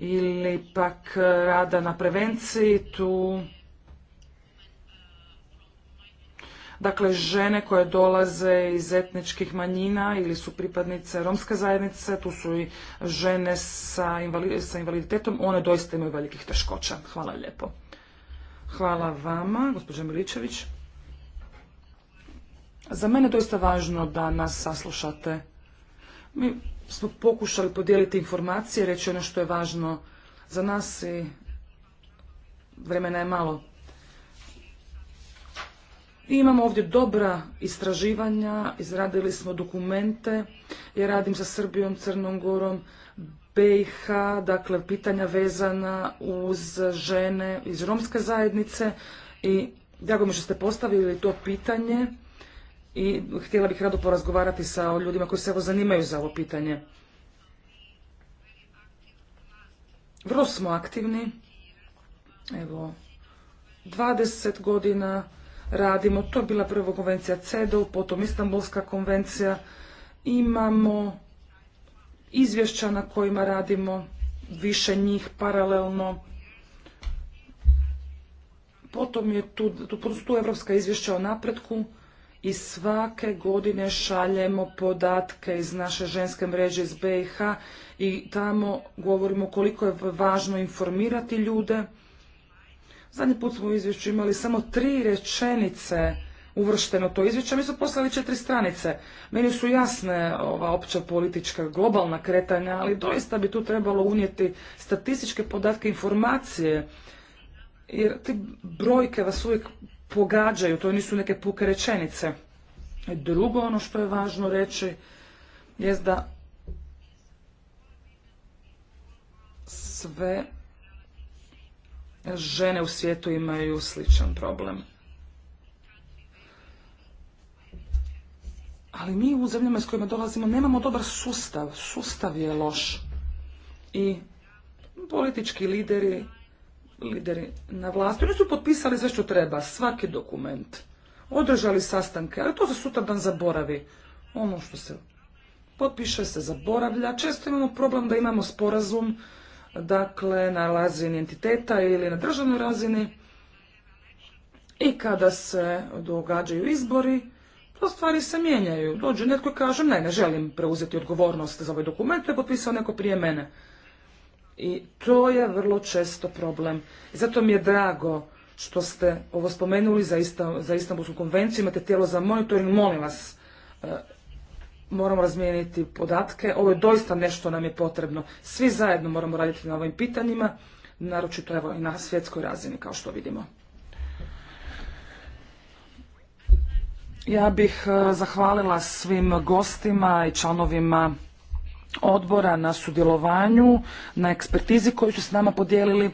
ili pak e, rada na prevenciji tu Dakle, žene koje dolaze iz etničkih manjina ili su pripadnice romske zajednice, tu su i žene sa, invaliditetom, one doista imaju velikih teškoća. Hvala lijepo. Hvala vama, gospođa Miličević. Za mene je doista važno da nas saslušate. Mi smo pokušali podijeliti informacije, reći ono što je važno za nas i vremena je malo. imamo ovdje dobra istraživanja, izradili smo dokumente, ja radim sa Srbijom, Crnom Gorom, BiH, dakle pitanja vezana uz žene iz romske zajednice i drago mi što ste postavili to pitanje i htjela bih rado porazgovarati sa ljudima koji se evo zanimaju za ovo pitanje. Vrlo smo aktivni. Evo, 20 godina radimo. To je bila prvo konvencija CEDO, potom Istanbulska konvencija. Imamo izvješća na kojima radimo, više njih paralelno. Potom je tu, tu, tu, tu evropska izvješća o napretku i svake godine šaljemo podatke iz naše ženske mreže iz BiH i tamo govorimo koliko je važno informirati ljude. Zadnji put smo u izvješću imali samo tri rečenice uvršteno to izvješće, mi su poslali četiri stranice. Meni su jasne ova opća politička globalna kretanja, ali doista bi tu trebalo unijeti statističke podatke, informacije, jer ti brojke vas uvijek pogađaju, to nisu neke puke rečenice. Drugo ono što je važno reći je da sve žene u svijetu imaju sličan problem. Ali mi u zemljama s kojima dolazimo nemamo dobar sustav. Sustav je loš. I politički lideri lideri na vlasti, oni su potpisali sve što treba, svaki dokument. Održali sastanke, ali to se sutradan zaboravi. Ono što se potpiše se zaboravlja. Često imamo problem da imamo sporazum, dakle, na razini entiteta ili na državnoj razini. I kada se događaju izbori, to stvari se mijenjaju. Dođe netko i kaže, ne, ne želim preuzeti odgovornost za ovaj dokument, to je potpisao neko prije mene. I to je vrlo često problem. I zato mi je drago što ste ovo spomenuli za, Ista, za Istanbulsku konvenciju, imate tijelo za monitoring, molim vas, e, moramo razmijeniti podatke, ovo je doista nešto nam je potrebno. Svi zajedno moramo raditi na ovim pitanjima, naročito evo i na svjetskoj razini, kao što vidimo. Ja bih e, zahvalila svim gostima i članovima odbora na sudjelovanju, na ekspertizi koju su s nama podijelili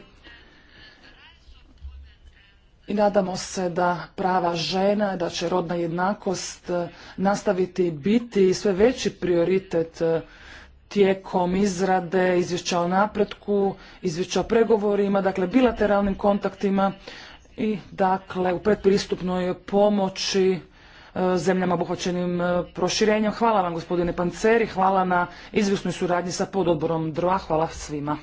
i nadamo se da prava žena, da će rodna jednakost e, nastaviti biti sve veći prioritet e, tijekom izrade izvješća o napretku, izvješća o pregovorima, dakle bilateralnim kontaktima i dakle u predpristupnoj pomoći E, zemljama obuhvaćenim e, proširenjem. Hvala vam gospodine Panceri, hvala na izvrsnoj suradnji sa pododborom DROA, hvala svima.